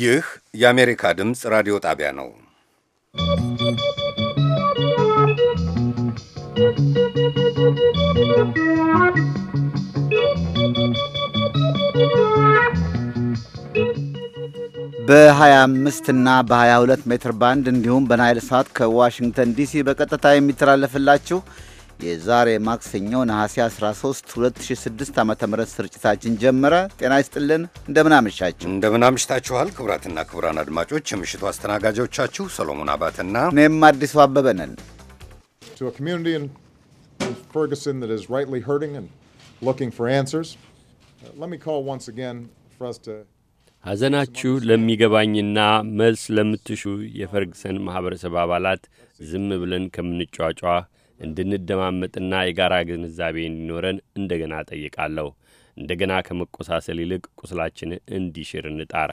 ይህ የአሜሪካ ድምፅ ራዲዮ ጣቢያ ነው። በ25 እና በ22 ሜትር ባንድ እንዲሁም በናይል ሳት ከዋሽንግተን ዲሲ በቀጥታ የሚተላለፍላችሁ የዛሬ ማክሰኞ ነሐሴ 13 2006 ዓ ም ስርጭታችን ጀመረ። ጤና ይስጥልን፣ እንደምናምሻችሁ እንደምናምሽታችኋል። ክቡራትና ክቡራን አድማጮች የምሽቱ አስተናጋጆቻችሁ ሰሎሞን አባትና እኔም አዲሱ አበበ ነን። uh, ሐዘናችሁ ለሚገባኝና መልስ ለምትሹ የፈርግሰን ማኅበረሰብ አባላት ዝም ብለን ከምንጯጯ እንድንደማመጥና የጋራ ግንዛቤ እንዲኖረን እንደገና ጠይቃለሁ። እንደገና ከመቆሳሰል ይልቅ ቁስላችን እንዲሽር እንጣር።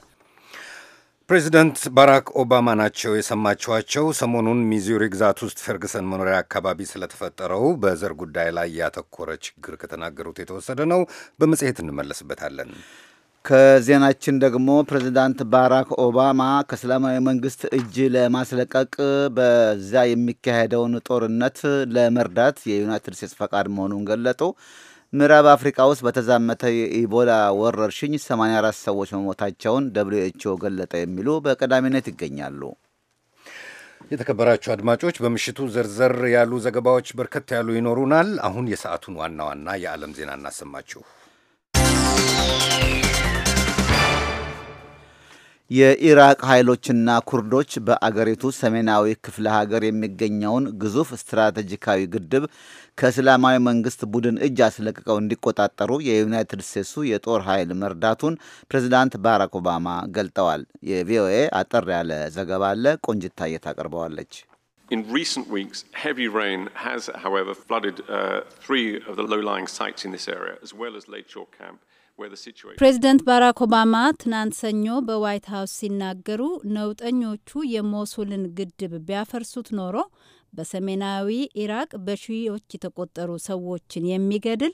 ፕሬዚደንት ባራክ ኦባማ ናቸው የሰማችኋቸው። ሰሞኑን ሚዙሪ ግዛት ውስጥ ፈርግሰን መኖሪያ አካባቢ ስለተፈጠረው በዘር ጉዳይ ላይ ያተኮረ ችግር ከተናገሩት የተወሰደ ነው። በመጽሔት እንመለስበታለን። ከዜናችን ደግሞ ፕሬዚዳንት ባራክ ኦባማ ከእስላማዊ መንግስት እጅ ለማስለቀቅ በዛ የሚካሄደውን ጦርነት ለመርዳት የዩናይትድ ስቴትስ ፈቃድ መሆኑን ገለጡ። ምዕራብ አፍሪካ ውስጥ በተዛመተ የኢቦላ ወረርሽኝ 84 ሰዎች መሞታቸውን ደብሊው ኤች ኦ ገለጠ። የሚሉ በቀዳሚነት ይገኛሉ። የተከበራችሁ አድማጮች በምሽቱ ዘርዘር ያሉ ዘገባዎች በርከት ያሉ ይኖሩናል። አሁን የሰዓቱን ዋና ዋና የዓለም ዜና እናሰማችሁ። የኢራቅ ኃይሎችና ኩርዶች በአገሪቱ ሰሜናዊ ክፍለ ሀገር የሚገኘውን ግዙፍ ስትራቴጂካዊ ግድብ ከእስላማዊ መንግስት ቡድን እጅ አስለቅቀው እንዲቆጣጠሩ የዩናይትድ ስቴትሱ የጦር ኃይል መርዳቱን ፕሬዚዳንት ባራክ ኦባማ ገልጠዋል። የቪኦኤ አጠር ያለ ዘገባ አለ። ቆንጅታየት አቀርበዋለች። In recent weeks, heavy rain has, however, flooded uh, three of the low-lying sites in this area, as well as Shore Camp. ፕሬዚደንት ባራክ ኦባማ ትናንት ሰኞ በዋይት ሀውስ ሲናገሩ ነውጠኞቹ የሞሱልን ግድብ ቢያፈርሱት ኖሮ በሰሜናዊ ኢራቅ በሺዎች የተቆጠሩ ሰዎችን የሚገድል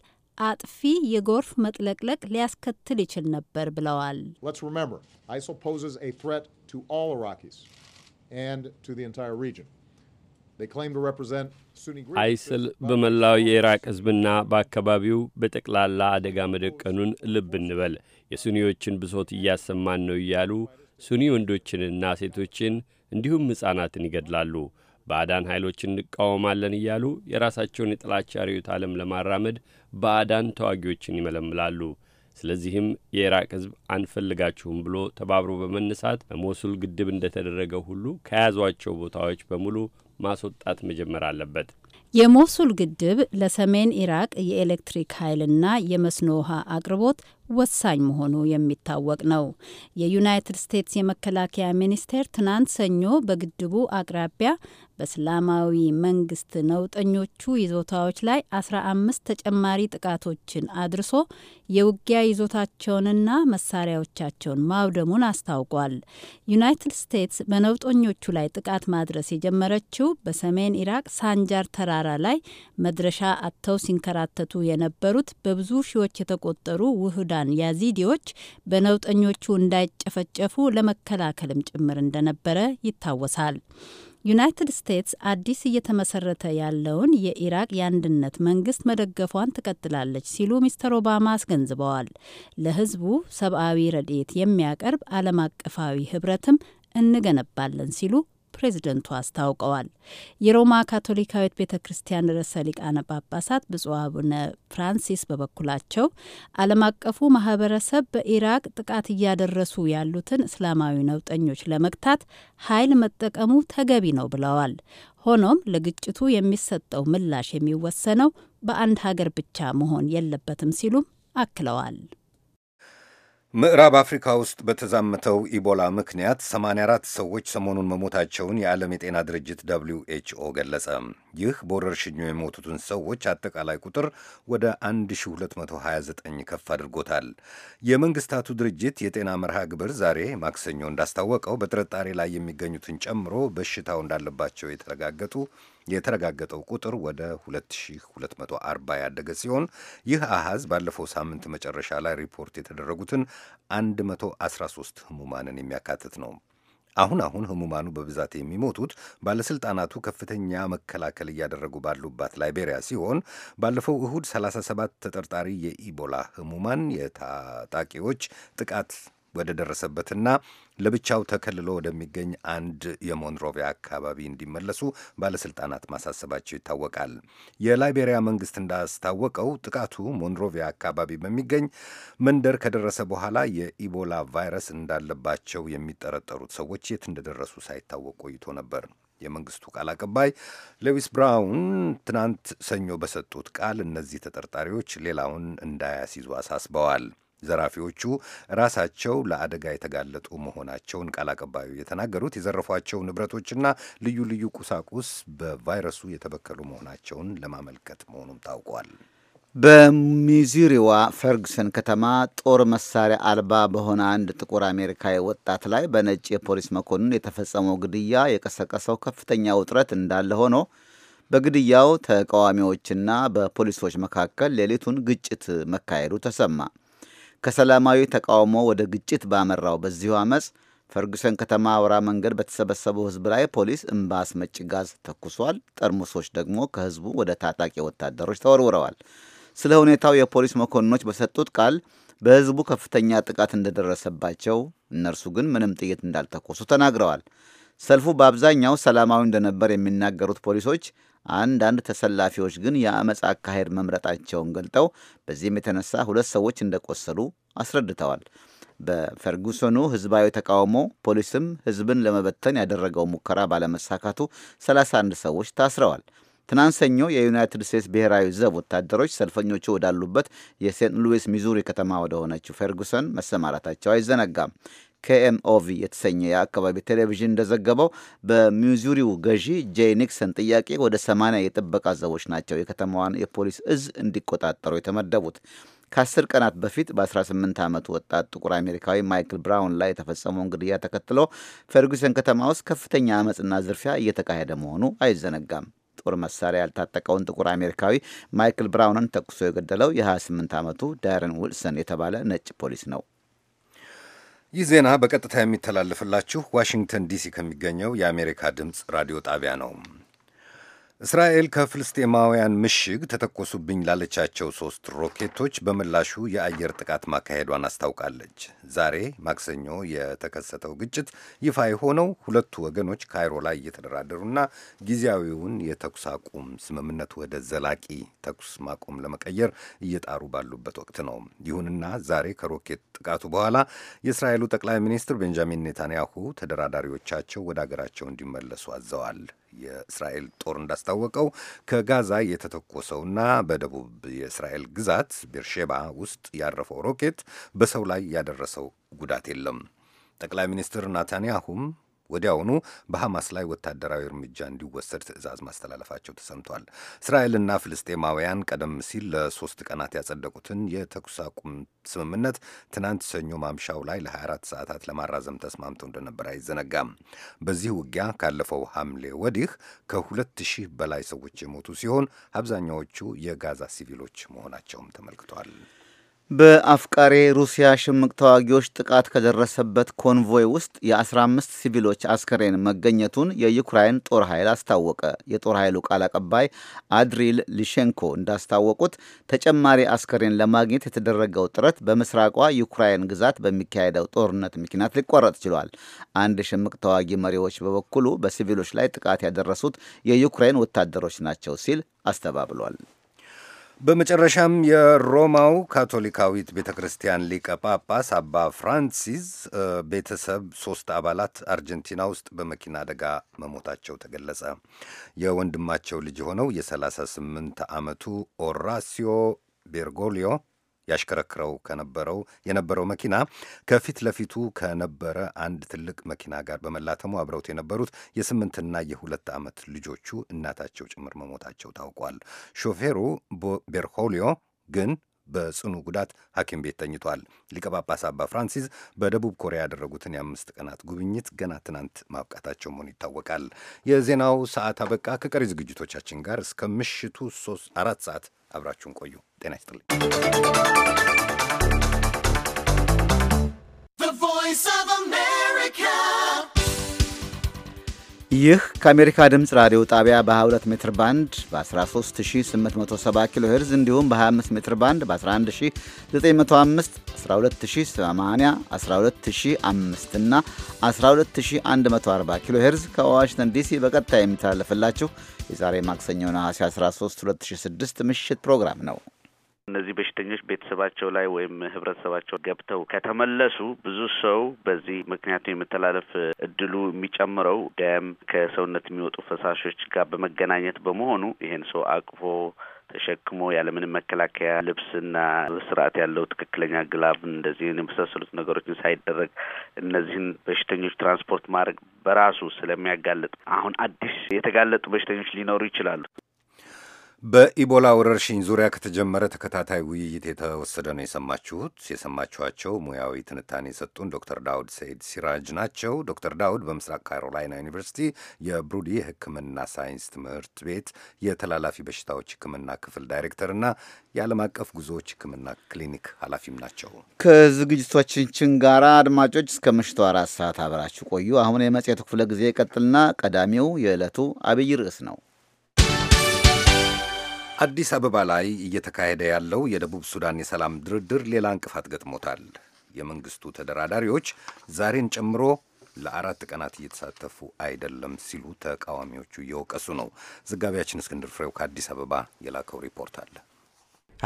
አጥፊ የጎርፍ መጥለቅለቅ ሊያስከትል ይችል ነበር ብለዋል። አይሶል ፖዘስ ኤ ትሬት ቱ ኦል ኤንድ ቱ ዘ ኢንታየር ሪጅን አይስል በመላው የኢራቅ ሕዝብና በአካባቢው በጠቅላላ አደጋ መደቀኑን ልብ እንበል። የሱኒዎችን ብሶት እያሰማን ነው እያሉ ሱኒ ወንዶችንና ሴቶችን እንዲሁም ሕፃናትን ይገድላሉ። በአዳን ኃይሎች እንቃወማለን እያሉ የራሳቸውን የጥላቻ ርዕዮተ ዓለም ለማራመድ በአዳን ተዋጊዎችን ይመለምላሉ። ስለዚህም የኢራቅ ሕዝብ አንፈልጋችሁም ብሎ ተባብሮ በመነሳት በሞሱል ግድብ እንደተደረገ ሁሉ ከያዟቸው ቦታዎች በሙሉ ማስወጣት መጀመር አለበት። የሞሱል ግድብ ለሰሜን ኢራቅ የኤሌክትሪክ ኃይልና የመስኖ ውሃ አቅርቦት ወሳኝ መሆኑ የሚታወቅ ነው። የዩናይትድ ስቴትስ የመከላከያ ሚኒስቴር ትናንት ሰኞ በግድቡ አቅራቢያ በእስላማዊ መንግስት ነውጠኞቹ ይዞታዎች ላይ 15 ተጨማሪ ጥቃቶችን አድርሶ የውጊያ ይዞታቸውንና መሳሪያዎቻቸውን ማውደሙን አስታውቋል። ዩናይትድ ስቴትስ በነውጠኞቹ ላይ ጥቃት ማድረስ የጀመረችው በሰሜን ኢራቅ ሳንጃር ተራራ ላይ መድረሻ አጥተው ሲንከራተቱ የነበሩት በብዙ ሺዎች የተቆጠሩ ውህዳ የሱዳን ያዚዲዎች በነውጠኞቹ እንዳይጨፈጨፉ ለመከላከልም ጭምር እንደነበረ ይታወሳል። ዩናይትድ ስቴትስ አዲስ እየተመሰረተ ያለውን የኢራቅ የአንድነት መንግስት መደገፏን ትቀጥላለች ሲሉ ሚስተር ኦባማ አስገንዝበዋል። ለህዝቡ ሰብአዊ ረድኤት የሚያቀርብ ዓለም አቀፋዊ ህብረትም እንገነባለን ሲሉ ፕሬዚደንቱ አስታውቀዋል። የሮማ ካቶሊካዊት ቤተ ክርስቲያን ርዕሰ ሊቃነ ጳጳሳት ብፁዕ አቡነ ፍራንሲስ በበኩላቸው ዓለም አቀፉ ማህበረሰብ በኢራቅ ጥቃት እያደረሱ ያሉትን እስላማዊ ነውጠኞች ለመግታት ኃይል መጠቀሙ ተገቢ ነው ብለዋል። ሆኖም ለግጭቱ የሚሰጠው ምላሽ የሚወሰነው በአንድ ሀገር ብቻ መሆን የለበትም ሲሉም አክለዋል። ምዕራብ አፍሪካ ውስጥ በተዛመተው ኢቦላ ምክንያት 84 ሰዎች ሰሞኑን መሞታቸውን የዓለም የጤና ድርጅት ደብሊው ኤችኦ ገለጸ። ይህ በወረርሽኙ የሞቱትን ሰዎች አጠቃላይ ቁጥር ወደ 1229 ከፍ አድርጎታል። የመንግስታቱ ድርጅት የጤና መርሃ ግብር ዛሬ ማክሰኞ እንዳስታወቀው በጥርጣሬ ላይ የሚገኙትን ጨምሮ በሽታው እንዳለባቸው የተረጋገጡ የተረጋገጠው ቁጥር ወደ 2240 ያደገ ሲሆን ይህ አሃዝ ባለፈው ሳምንት መጨረሻ ላይ ሪፖርት የተደረጉትን 113 ህሙማንን የሚያካትት ነው። አሁን አሁን ህሙማኑ በብዛት የሚሞቱት ባለስልጣናቱ ከፍተኛ መከላከል እያደረጉ ባሉባት ላይቤሪያ ሲሆን ባለፈው እሁድ 37 ተጠርጣሪ የኢቦላ ህሙማን የታጣቂዎች ጥቃት ወደ ደረሰበትና ለብቻው ተከልሎ ወደሚገኝ አንድ የሞንሮቪያ አካባቢ እንዲመለሱ ባለስልጣናት ማሳሰባቸው ይታወቃል። የላይቤሪያ መንግስት እንዳስታወቀው ጥቃቱ ሞንሮቪያ አካባቢ በሚገኝ መንደር ከደረሰ በኋላ የኢቦላ ቫይረስ እንዳለባቸው የሚጠረጠሩት ሰዎች የት እንደደረሱ ሳይታወቅ ቆይቶ ነበር። የመንግስቱ ቃል አቀባይ ሌዊስ ብራውን ትናንት ሰኞ በሰጡት ቃል እነዚህ ተጠርጣሪዎች ሌላውን እንዳያስይዙ አሳስበዋል። ዘራፊዎቹ ራሳቸው ለአደጋ የተጋለጡ መሆናቸውን ቃል አቀባዩ የተናገሩት የዘረፏቸው ንብረቶችና ልዩ ልዩ ቁሳቁስ በቫይረሱ የተበከሉ መሆናቸውን ለማመልከት መሆኑም ታውቋል። በሚዙሪዋ ፈርግሰን ከተማ ጦር መሳሪያ አልባ በሆነ አንድ ጥቁር አሜሪካዊ ወጣት ላይ በነጭ የፖሊስ መኮንን የተፈጸመው ግድያ የቀሰቀሰው ከፍተኛ ውጥረት እንዳለ ሆኖ በግድያው ተቃዋሚዎችና በፖሊሶች መካከል ሌሊቱን ግጭት መካሄዱ ተሰማ። ከሰላማዊ ተቃውሞ ወደ ግጭት ባመራው በዚሁ ዓመፅ ፈርጉሰን ከተማ አውራ መንገድ በተሰበሰቡ ሕዝብ ላይ ፖሊስ እምባ መጭ ጋዝ ተኩሷል። ጠርሙሶች ደግሞ ከህዝቡ ወደ ታጣቂ ወታደሮች ተወርውረዋል። ስለ ሁኔታው የፖሊስ መኮንኖች በሰጡት ቃል በሕዝቡ ከፍተኛ ጥቃት እንደደረሰባቸው፣ እነርሱ ግን ምንም ጥይት እንዳልተኮሱ ተናግረዋል። ሰልፉ በአብዛኛው ሰላማዊ እንደነበር የሚናገሩት ፖሊሶች አንዳንድ ተሰላፊዎች ግን የአመፅ አካሄድ መምረጣቸውን ገልጠው በዚህም የተነሳ ሁለት ሰዎች እንደቆሰሉ አስረድተዋል። በፈርጉሰኑ ህዝባዊ ተቃውሞ ፖሊስም ህዝብን ለመበተን ያደረገው ሙከራ ባለመሳካቱ 31 ሰዎች ታስረዋል። ትናንት ሰኞ የዩናይትድ ስቴትስ ብሔራዊ ዘብ ወታደሮች ሰልፈኞቹ ወዳሉበት የሴንት ሉዊስ ሚዙሪ ከተማ ወደሆነችው ፌርጉሰን መሰማራታቸው አይዘነጋም። ኬኤምኦቪ የተሰኘ የአካባቢ ቴሌቪዥን እንደዘገበው በሚዙሪው ገዢ ጄይ ኒክሰን ጥያቄ ወደ 80 የጥበቃ ዘቦች ናቸው የከተማዋን የፖሊስ እዝ እንዲቆጣጠሩ የተመደቡት። ከአስር ቀናት በፊት በ18 ዓመቱ ወጣት ጥቁር አሜሪካዊ ማይክል ብራውን ላይ የተፈጸመውን ግድያ ተከትሎ ፈርጉሰን ከተማ ውስጥ ከፍተኛ አመፅና ዝርፊያ እየተካሄደ መሆኑ አይዘነጋም። ጦር መሳሪያ ያልታጠቀውን ጥቁር አሜሪካዊ ማይክል ብራውንን ተኩሶ የገደለው የ28 ዓመቱ ዳረን ዊልሰን የተባለ ነጭ ፖሊስ ነው። ይህ ዜና በቀጥታ የሚተላለፍላችሁ ዋሽንግተን ዲሲ ከሚገኘው የአሜሪካ ድምፅ ራዲዮ ጣቢያ ነው። እስራኤል ከፍልስጤማውያን ምሽግ ተተኮሱብኝ ላለቻቸው ሦስት ሮኬቶች በምላሹ የአየር ጥቃት ማካሄዷን አስታውቃለች። ዛሬ ማክሰኞ የተከሰተው ግጭት ይፋ የሆነው ሁለቱ ወገኖች ካይሮ ላይ እየተደራደሩና ጊዜያዊውን የተኩስ አቁም ስምምነት ወደ ዘላቂ ተኩስ ማቆም ለመቀየር እየጣሩ ባሉበት ወቅት ነው። ይሁንና ዛሬ ከሮኬት ጥቃቱ በኋላ የእስራኤሉ ጠቅላይ ሚኒስትር ቤንጃሚን ኔታንያሁ ተደራዳሪዎቻቸው ወደ አገራቸው እንዲመለሱ አዘዋል። የእስራኤል ጦር እንዳስታወቀው ከጋዛ የተተኮሰውና በደቡብ የእስራኤል ግዛት ቤርሼባ ውስጥ ያረፈው ሮኬት በሰው ላይ ያደረሰው ጉዳት የለም። ጠቅላይ ሚኒስትር ናታንያሁም ወዲያውኑ በሐማስ ላይ ወታደራዊ እርምጃ እንዲወሰድ ትዕዛዝ ማስተላለፋቸው ተሰምቷል። እስራኤልና ፍልስጤማውያን ቀደም ሲል ለሶስት ቀናት ያጸደቁትን የተኩስ አቁም ስምምነት ትናንት ሰኞ ማምሻው ላይ ለ24 ሰዓታት ለማራዘም ተስማምተው እንደነበር አይዘነጋም። በዚህ ውጊያ ካለፈው ሐምሌ ወዲህ ከሁለት ሺህ በላይ ሰዎች የሞቱ ሲሆን አብዛኛዎቹ የጋዛ ሲቪሎች መሆናቸውም ተመልክቷል። በአፍቃሬ ሩሲያ ሽምቅ ተዋጊዎች ጥቃት ከደረሰበት ኮንቮይ ውስጥ የ15 ሲቪሎች አስከሬን መገኘቱን የዩክራይን ጦር ኃይል አስታወቀ። የጦር ኃይሉ ቃል አቀባይ አድሪል ሊሼንኮ እንዳስታወቁት ተጨማሪ አስከሬን ለማግኘት የተደረገው ጥረት በምስራቋ ዩክራይን ግዛት በሚካሄደው ጦርነት ምክንያት ሊቋረጥ ችሏል። አንድ ሽምቅ ተዋጊ መሪዎች በበኩሉ በሲቪሎች ላይ ጥቃት ያደረሱት የዩክራይን ወታደሮች ናቸው ሲል አስተባብሏል። በመጨረሻም የሮማው ካቶሊካዊት ቤተ ክርስቲያን ሊቀ ጳጳስ አባ ፍራንሲስ ቤተሰብ ሶስት አባላት አርጀንቲና ውስጥ በመኪና አደጋ መሞታቸው ተገለጸ። የወንድማቸው ልጅ የሆነው የ38 ዓመቱ ኦራሲዮ ቤርጎሊዮ ያሽከረክረው ከነበረው የነበረው መኪና ከፊት ለፊቱ ከነበረ አንድ ትልቅ መኪና ጋር በመላተሙ አብረውት የነበሩት የስምንትና የሁለት ዓመት ልጆቹ እናታቸው ጭምር መሞታቸው ታውቋል። ሾፌሩ ቤርሆሊዮ ግን በጽኑ ጉዳት ሐኪም ቤት ተኝቷል። ሊቀ ጳጳስ አባ ፍራንሲስ በደቡብ ኮሪያ ያደረጉትን የአምስት ቀናት ጉብኝት ገና ትናንት ማብቃታቸው መሆኑ ይታወቃል። የዜናው ሰዓት አበቃ። ከቀሪ ዝግጅቶቻችን ጋር እስከ ምሽቱ ሶስት አራት ሰዓት አብራችሁን ቆዩ። ጤና ይስጥልኝ። ይህ ከአሜሪካ ድምፅ ራዲዮ ጣቢያ በ22 ሜትር ባንድ በ13870 ኪሎ ሄርዝ እንዲሁም በ25 ሜትር ባንድ በ11905፣ 12080፣ 12005 እና 12140 ኪሎ ሄርዝ ከዋሽንግተን ዲሲ በቀጥታ የሚተላለፍላችሁ የዛሬ ማክሰኞ ነሐሴ 13 2006 ምሽት ፕሮግራም ነው። እነዚህ በሽተኞች ቤተሰባቸው ላይ ወይም ህብረተሰባቸው ገብተው ከተመለሱ ብዙ ሰው በዚህ ምክንያቱ የመተላለፍ እድሉ የሚጨምረው ደም ከሰውነት የሚወጡ ፈሳሾች ጋር በመገናኘት በመሆኑ ይሄን ሰው አቅፎ ተሸክሞ ያለምንም መከላከያ ልብስና ስርዓት ያለው ትክክለኛ ግላብ እንደዚህን የመሳሰሉት ነገሮችን ሳይደረግ እነዚህን በሽተኞች ትራንስፖርት ማድረግ በራሱ ስለሚያጋልጥ አሁን አዲስ የተጋለጡ በሽተኞች ሊኖሩ ይችላሉ። በኢቦላ ወረርሽኝ ዙሪያ ከተጀመረ ተከታታይ ውይይት የተወሰደ ነው የሰማችሁት። የሰማችኋቸው ሙያዊ ትንታኔ የሰጡን ዶክተር ዳውድ ሰይድ ሲራጅ ናቸው። ዶክተር ዳውድ በምስራቅ ካሮላይና ዩኒቨርሲቲ የብሩዲ ሕክምና ሳይንስ ትምህርት ቤት የተላላፊ በሽታዎች ሕክምና ክፍል ዳይሬክተርና የዓለም አቀፍ ጉዞዎች ሕክምና ክሊኒክ ኃላፊም ናቸው። ከዝግጅቶቻችን ጋር አድማጮች እስከ ምሽቱ አራት ሰዓት አብራችሁ ቆዩ። አሁን የመጽሔቱ ክፍለ ጊዜ ይቀጥልና ቀዳሚው የዕለቱ አብይ ርዕስ ነው። አዲስ አበባ ላይ እየተካሄደ ያለው የደቡብ ሱዳን የሰላም ድርድር ሌላ እንቅፋት ገጥሞታል። የመንግስቱ ተደራዳሪዎች ዛሬን ጨምሮ ለአራት ቀናት እየተሳተፉ አይደለም ሲሉ ተቃዋሚዎቹ እየወቀሱ ነው። ዘጋቢያችን እስክንድር ፍሬው ከአዲስ አበባ የላከው ሪፖርት አለ።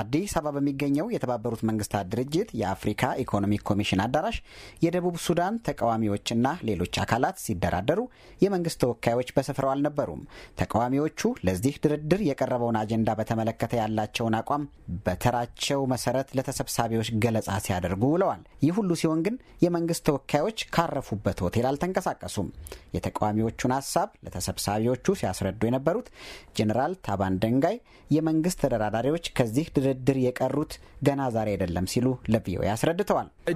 አዲስ አበባ በሚገኘው የተባበሩት መንግስታት ድርጅት የአፍሪካ ኢኮኖሚክ ኮሚሽን አዳራሽ የደቡብ ሱዳን ተቃዋሚዎችና ሌሎች አካላት ሲደራደሩ የመንግስት ተወካዮች በስፍራው አልነበሩም። ተቃዋሚዎቹ ለዚህ ድርድር የቀረበውን አጀንዳ በተመለከተ ያላቸውን አቋም በተራቸው መሰረት ለተሰብሳቢዎች ገለጻ ሲያደርጉ ውለዋል። ይህ ሁሉ ሲሆን ግን የመንግስት ተወካዮች ካረፉበት ሆቴል አልተንቀሳቀሱም። የተቃዋሚዎቹን ሀሳብ ለተሰብሳቢዎቹ ሲያስረዱ የነበሩት ጄኔራል ታባን ደንጋይ የመንግስት ተደራዳሪዎች ከዚህ ድርድር ለድርድር የቀሩት ገና ዛሬ አይደለም ሲሉ ለቪኦኤ አስረድተዋል። uh,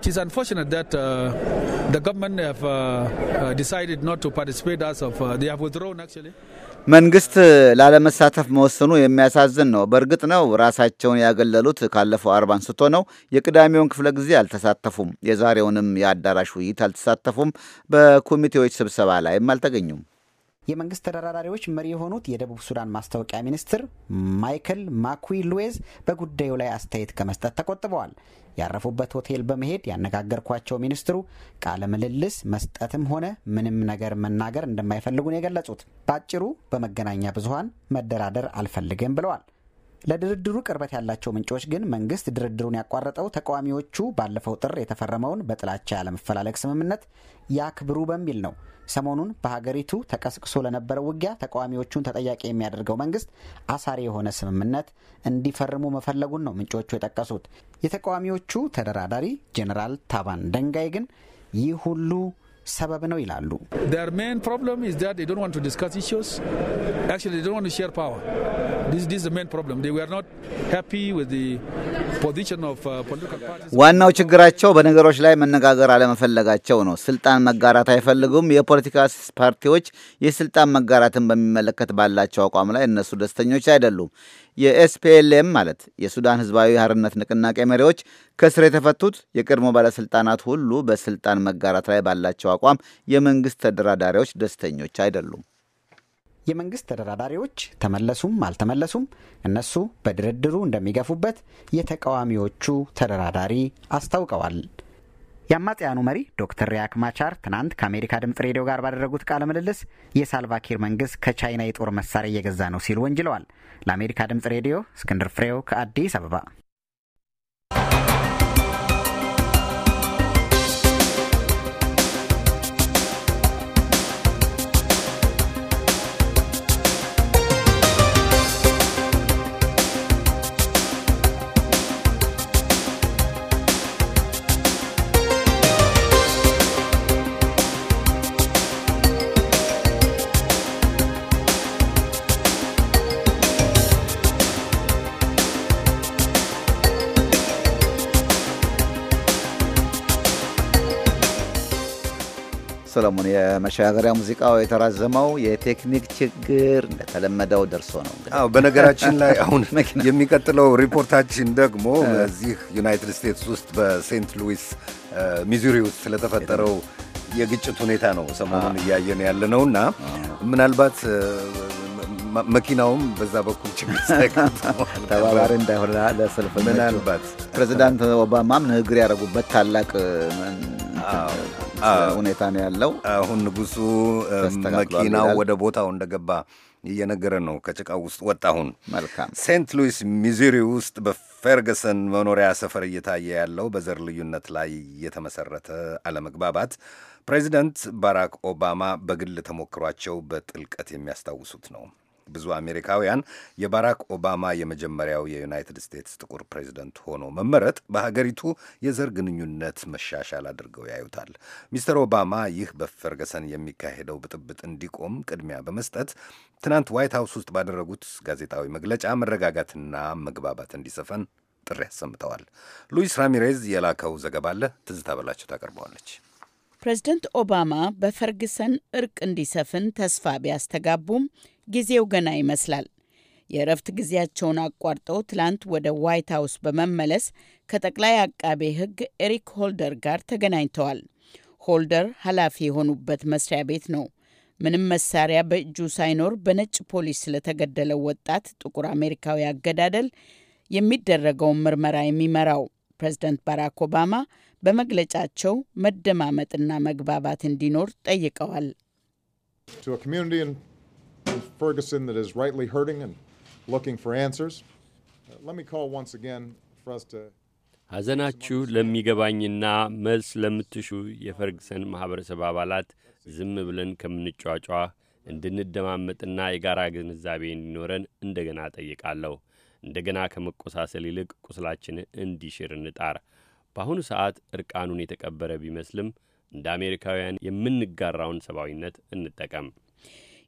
uh, uh, መንግስት ላለመሳተፍ መወሰኑ የሚያሳዝን ነው። በእርግጥ ነው ራሳቸውን ያገለሉት ካለፈው አርብ አንስቶ ነው። የቅዳሜውን ክፍለ ጊዜ አልተሳተፉም። የዛሬውንም የአዳራሽ ውይይት አልተሳተፉም። በኮሚቴዎች ስብሰባ ላይም አልተገኙም። የመንግስት ተደራዳሪዎች መሪ የሆኑት የደቡብ ሱዳን ማስታወቂያ ሚኒስትር ማይክል ማኩዊ ሉዌዝ በጉዳዩ ላይ አስተያየት ከመስጠት ተቆጥበዋል። ያረፉበት ሆቴል በመሄድ ያነጋገርኳቸው ሚኒስትሩ ቃለ ምልልስ መስጠትም ሆነ ምንም ነገር መናገር እንደማይፈልጉ የገለጹት። በአጭሩ በመገናኛ ብዙሀን መደራደር አልፈልግም ብለዋል። ለድርድሩ ቅርበት ያላቸው ምንጮች ግን መንግስት ድርድሩን ያቋረጠው ተቃዋሚዎቹ ባለፈው ጥር የተፈረመውን በጥላቻ ያለመፈላለግ ስምምነት ያክብሩ በሚል ነው። ሰሞኑን በሀገሪቱ ተቀስቅሶ ለነበረው ውጊያ ተቃዋሚዎቹን ተጠያቂ የሚያደርገው መንግስት አሳሪ የሆነ ስምምነት እንዲፈርሙ መፈለጉን ነው ምንጮቹ የጠቀሱት። የተቃዋሚዎቹ ተደራዳሪ ጄኔራል ታባን ደንጋይ ግን ይህ ሁሉ ሰበብ ነው ይላሉ። Uh, ዋናው ችግራቸው በነገሮች ላይ መነጋገር አለመፈለጋቸው ነው። ስልጣን መጋራት አይፈልጉም። የፖለቲካ ፓርቲዎች የስልጣን መጋራትን በሚመለከት ባላቸው አቋም ላይ እነሱ ደስተኞች አይደሉም። የኤስፒኤልኤም ማለት የሱዳን ሕዝባዊ ሀርነት ንቅናቄ መሪዎች ከስር የተፈቱት የቀድሞ ባለስልጣናት ሁሉ በስልጣን መጋራት ላይ ባላቸው አቋም የመንግስት ተደራዳሪዎች ደስተኞች አይደሉም። የመንግስት ተደራዳሪዎች ተመለሱም አልተመለሱም እነሱ በድርድሩ እንደሚገፉበት የተቃዋሚዎቹ ተደራዳሪ አስታውቀዋል። የአማጽያኑ መሪ ዶክተር ሪያክ ማቻር ትናንት ከአሜሪካ ድምፅ ሬዲዮ ጋር ባደረጉት ቃለ ምልልስ የሳልቫኪር መንግስት ከቻይና የጦር መሳሪያ እየገዛ ነው ሲሉ ወንጅለዋል። ለአሜሪካ ድምፅ ሬዲዮ እስክንድር ፍሬው ከአዲስ አበባ ሰለሞን፣ የመሻገሪያ ሙዚቃው የተራዘመው የቴክኒክ ችግር እንደተለመደው ደርሶ ነው። አዎ፣ በነገራችን ላይ አሁን የሚቀጥለው ሪፖርታችን ደግሞ በዚህ ዩናይትድ ስቴትስ ውስጥ በሴንት ሉዊስ ሚዙሪ ውስጥ ስለተፈጠረው የግጭት ሁኔታ ነው ሰሞኑን እያየን ያለ ነው እና ምናልባት መኪናውም በዛ በኩል ችግር ተባባሪ እንዳይሆን ለሰልፍ ምናልባት ፕሬዚዳንት ኦባማም ንግግር ያደረጉበት ታላቅ ሁኔታ ነው ያለው። አሁን ንጉሱ መኪናው ወደ ቦታው እንደገባ እየነገረ ነው። ከጭቃው ውስጥ ወጣ። አሁን መልካም ሴንት ሉዊስ ሚዙሪ ውስጥ በፌርገሰን መኖሪያ ሰፈር እየታየ ያለው በዘር ልዩነት ላይ የተመሰረተ አለመግባባት ፕሬዚደንት ባራክ ኦባማ በግል ተሞክሯቸው በጥልቀት የሚያስታውሱት ነው። ብዙ አሜሪካውያን የባራክ ኦባማ የመጀመሪያው የዩናይትድ ስቴትስ ጥቁር ፕሬዚደንት ሆኖ መመረጥ በሀገሪቱ የዘር ግንኙነት መሻሻል አድርገው ያዩታል። ሚስተር ኦባማ ይህ በፈርገሰን የሚካሄደው ብጥብጥ እንዲቆም ቅድሚያ በመስጠት ትናንት ዋይት ሀውስ ውስጥ ባደረጉት ጋዜጣዊ መግለጫ መረጋጋትና መግባባት እንዲሰፈን ጥሪ አሰምተዋል። ሉዊስ ራሚሬዝ የላከው ዘገባ አለ። ትዝታ በላቸው ታቀርበዋለች። ፕሬዝደንት ኦባማ በፈርግሰን እርቅ እንዲሰፍን ተስፋ ቢያስተጋቡም ጊዜው ገና ይመስላል። የእረፍት ጊዜያቸውን አቋርጠው ትላንት ወደ ዋይት ሀውስ በመመለስ ከጠቅላይ አቃቤ ሕግ ኤሪክ ሆልደር ጋር ተገናኝተዋል። ሆልደር ኃላፊ የሆኑበት መስሪያ ቤት ነው። ምንም መሳሪያ በእጁ ሳይኖር በነጭ ፖሊስ ስለተገደለው ወጣት ጥቁር አሜሪካዊ አገዳደል የሚደረገውን ምርመራ የሚመራው ፕሬዝደንት ባራክ ኦባማ በመግለጫቸው መደማመጥና መግባባት እንዲኖር ጠይቀዋል። uh, ሐዘናችሁ ለሚገባኝና መልስ ለምትሹ የፈርግሰን ማኅበረሰብ አባላት ዝም ብለን ከምንጫጫ እንድንደማመጥና የጋራ ግንዛቤ እንዲኖረን እንደገና ጠይቃለሁ። እንደገና ከመቆሳሰል ይልቅ ቁስላችን እንዲሽር እንጣር። በአሁኑ ሰዓት እርቃኑን የተቀበረ ቢመስልም እንደ አሜሪካውያን የምንጋራውን ሰብአዊነት እንጠቀም።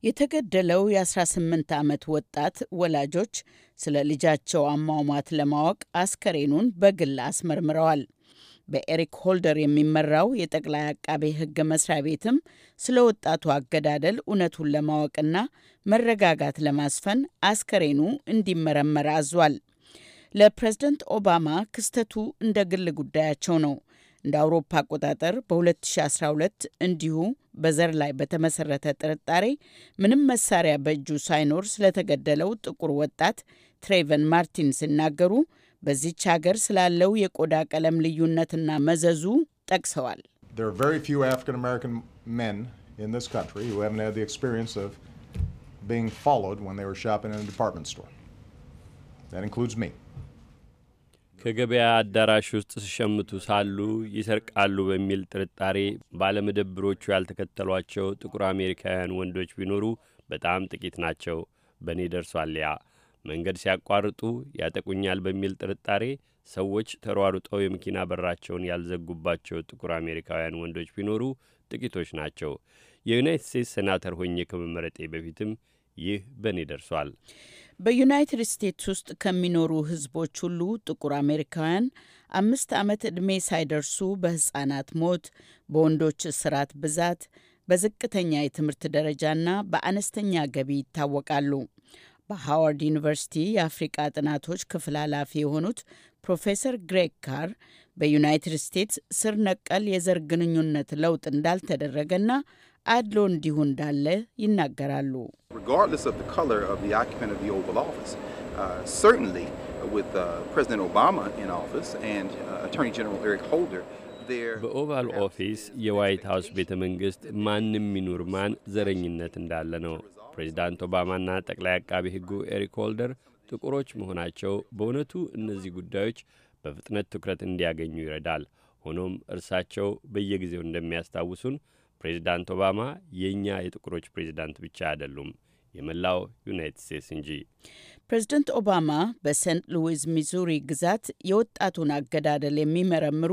የተገደለው የ18 ዓመት ወጣት ወላጆች ስለ ልጃቸው አሟሟት ለማወቅ አስከሬኑን በግል አስመርምረዋል። በኤሪክ ሆልደር የሚመራው የጠቅላይ አቃቤ ሕግ መስሪያ ቤትም ስለ ወጣቱ አገዳደል እውነቱን ለማወቅና መረጋጋት ለማስፈን አስከሬኑ እንዲመረመር አዟል። ለፕሬዝደንት ኦባማ ክስተቱ እንደ ግል ጉዳያቸው ነው። እንደ አውሮፓ አቆጣጠር በ2012 እንዲሁ በዘር ላይ በተመሰረተ ጥርጣሬ ምንም መሳሪያ በእጁ ሳይኖር ስለተገደለው ጥቁር ወጣት ትሬቨን ማርቲን ሲናገሩ በዚች ሀገር ስላለው የቆዳ ቀለም ልዩነትና መዘዙ ጠቅሰዋል። ን ከገበያ አዳራሽ ውስጥ ሲሸምቱ ሳሉ ይሰርቃሉ በሚል ጥርጣሬ ባለመደብሮቹ ያልተከተሏቸው ጥቁር አሜሪካውያን ወንዶች ቢኖሩ በጣም ጥቂት ናቸው። በእኔ ደርሷል። ያ መንገድ ሲያቋርጡ ያጠቁኛል በሚል ጥርጣሬ ሰዎች ተሯሩጠው የመኪና በራቸውን ያልዘጉባቸው ጥቁር አሜሪካውያን ወንዶች ቢኖሩ ጥቂቶች ናቸው። የዩናይትድ ስቴትስ ሴናተር ሆኜ ከመመረጤ በፊትም ይህ በእኔ ደርሷል። በዩናይትድ ስቴትስ ውስጥ ከሚኖሩ ህዝቦች ሁሉ ጥቁር አሜሪካውያን አምስት ዓመት ዕድሜ ሳይደርሱ በሕፃናት ሞት፣ በወንዶች እስራት ብዛት፣ በዝቅተኛ የትምህርት ደረጃና በአነስተኛ ገቢ ይታወቃሉ። በሃዋርድ ዩኒቨርሲቲ የአፍሪቃ ጥናቶች ክፍል ኃላፊ የሆኑት ፕሮፌሰር ግሬግ ካር በዩናይትድ ስቴትስ ስር ነቀል የዘር ግንኙነት ለውጥ እንዳልተደረገና አድሎ እንዲሁ እንዳለ ይናገራሉ። uh, uh, uh, በኦቫል ኦፊስ የዋይት ሀውስ ቤተ መንግስት ማንም ሚኑር ማን ዘረኝነት እንዳለ ነው። ፕሬዚዳንት ኦባማና ጠቅላይ አቃቢ ሕጉ ኤሪክ ሆልደር ጥቁሮች መሆናቸው በእውነቱ እነዚህ ጉዳዮች በፍጥነት ትኩረት እንዲያገኙ ይረዳል። ሆኖም እርሳቸው በየጊዜው እንደሚያስታውሱን ፕሬዚዳንት ኦባማ የእኛ የጥቁሮች ፕሬዚዳንት ብቻ አይደሉም የመላው ዩናይትድ ስቴትስ እንጂ። ፕሬዝደንት ኦባማ በሴንት ሉዊዝ ሚዙሪ ግዛት የወጣቱን አገዳደል የሚመረምሩ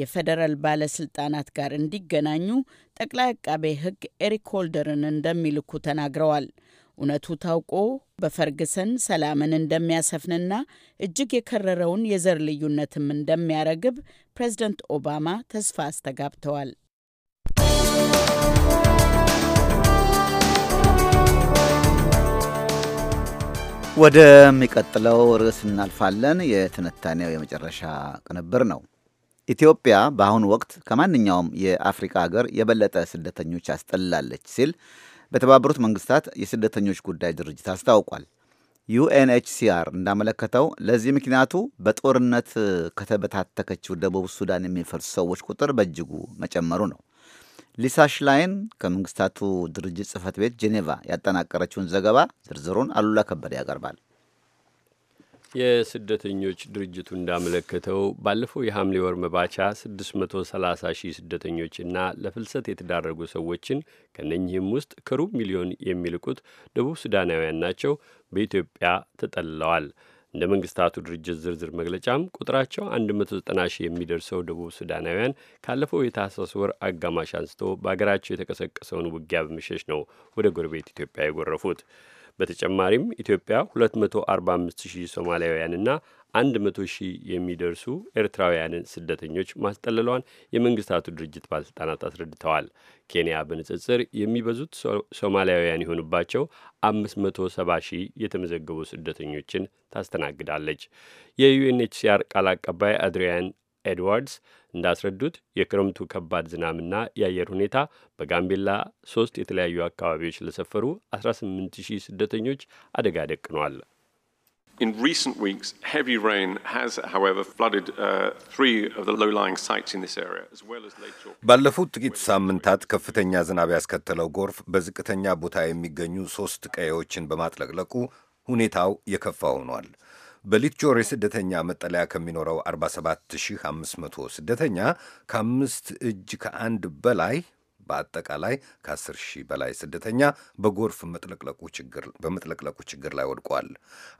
የፌዴራል ባለስልጣናት ጋር እንዲገናኙ ጠቅላይ አቃቤ ሕግ ኤሪክ ሆልደርን እንደሚልኩ ተናግረዋል። እውነቱ ታውቆ በፈርግሰን ሰላምን እንደሚያሰፍንና እጅግ የከረረውን የዘር ልዩነትም እንደሚያረግብ ፕሬዝደንት ኦባማ ተስፋ አስተጋብተዋል። ወደሚቀጥለው ርዕስ እናልፋለን። የትንታኔው የመጨረሻ ቅንብር ነው። ኢትዮጵያ በአሁኑ ወቅት ከማንኛውም የአፍሪካ ሀገር የበለጠ ስደተኞች አስጠልላለች ሲል በተባበሩት መንግስታት የስደተኞች ጉዳይ ድርጅት አስታውቋል። ዩኤንኤችሲአር እንዳመለከተው ለዚህ ምክንያቱ በጦርነት ከተበታተከችው ደቡብ ሱዳን የሚፈልሱ ሰዎች ቁጥር በእጅጉ መጨመሩ ነው። ሊሳ ሽላይን ከመንግስታቱ ድርጅት ጽህፈት ቤት ጄኔቫ ያጠናቀረችውን ዘገባ ዝርዝሩን አሉላ ከበደ ያቀርባል። የስደተኞች ድርጅቱ እንዳመለከተው ባለፈው የሐምሌ ወር መባቻ 630 ሺህ ስደተኞችና ለፍልሰት የተዳረጉ ሰዎችን ከነኚህም ውስጥ ከሩብ ሚሊዮን የሚልቁት ደቡብ ሱዳናውያን ናቸው፣ በኢትዮጵያ ተጠልለዋል። እንደ መንግስታቱ ድርጅት ዝርዝር መግለጫም ቁጥራቸው 190 ሺህ የሚደርሰው ደቡብ ሱዳናውያን ካለፈው የታህሳስ ወር አጋማሽ አንስቶ በሀገራቸው የተቀሰቀሰውን ውጊያ በመሸሽ ነው ወደ ጎረቤት ኢትዮጵያ የጎረፉት። በተጨማሪም ኢትዮጵያ 245000 ሶማሊያውያንና 100000 የሚደርሱ ኤርትራውያንን ስደተኞች ማስጠለሏን የመንግስታቱ ድርጅት ባለሥልጣናት አስረድተዋል። ኬንያ በንጽጽር የሚበዙት ሶማሊያውያን የሆኑባቸው 570 ሺህ የተመዘገቡ ስደተኞችን ታስተናግዳለች። የዩኤንኤችሲአር ቃል አቀባይ አድሪያን ኤድዋርድስ እንዳስረዱት የክረምቱ ከባድ ዝናብና የአየር ሁኔታ በጋምቤላ ሶስት የተለያዩ አካባቢዎች ለሰፈሩ 18 ስደተኞች አደጋ ደቅኗል። In recent weeks, heavy rain has, however, flooded uh, three of the low-lying sites in this area, as well as Lake George. ባለፉት ጥቂት ሳምንታት ከፍተኛ ዝናብ ያስከተለው ጎርፍ በዝቅተኛ ቦታ የሚገኙ ሶስት ቀዬዎችን በማጥለቅለቁ ሁኔታው የከፋ ሆኗል። በሊትጆር የስደተኛ መጠለያ ከሚኖረው 47500 ስደተኛ ከአምስት እጅ ከአንድ በላይ በአጠቃላይ ከ10 ሺህ በላይ ስደተኛ በጎርፍ በመጥለቅለቁ ችግር ላይ ወድቋል።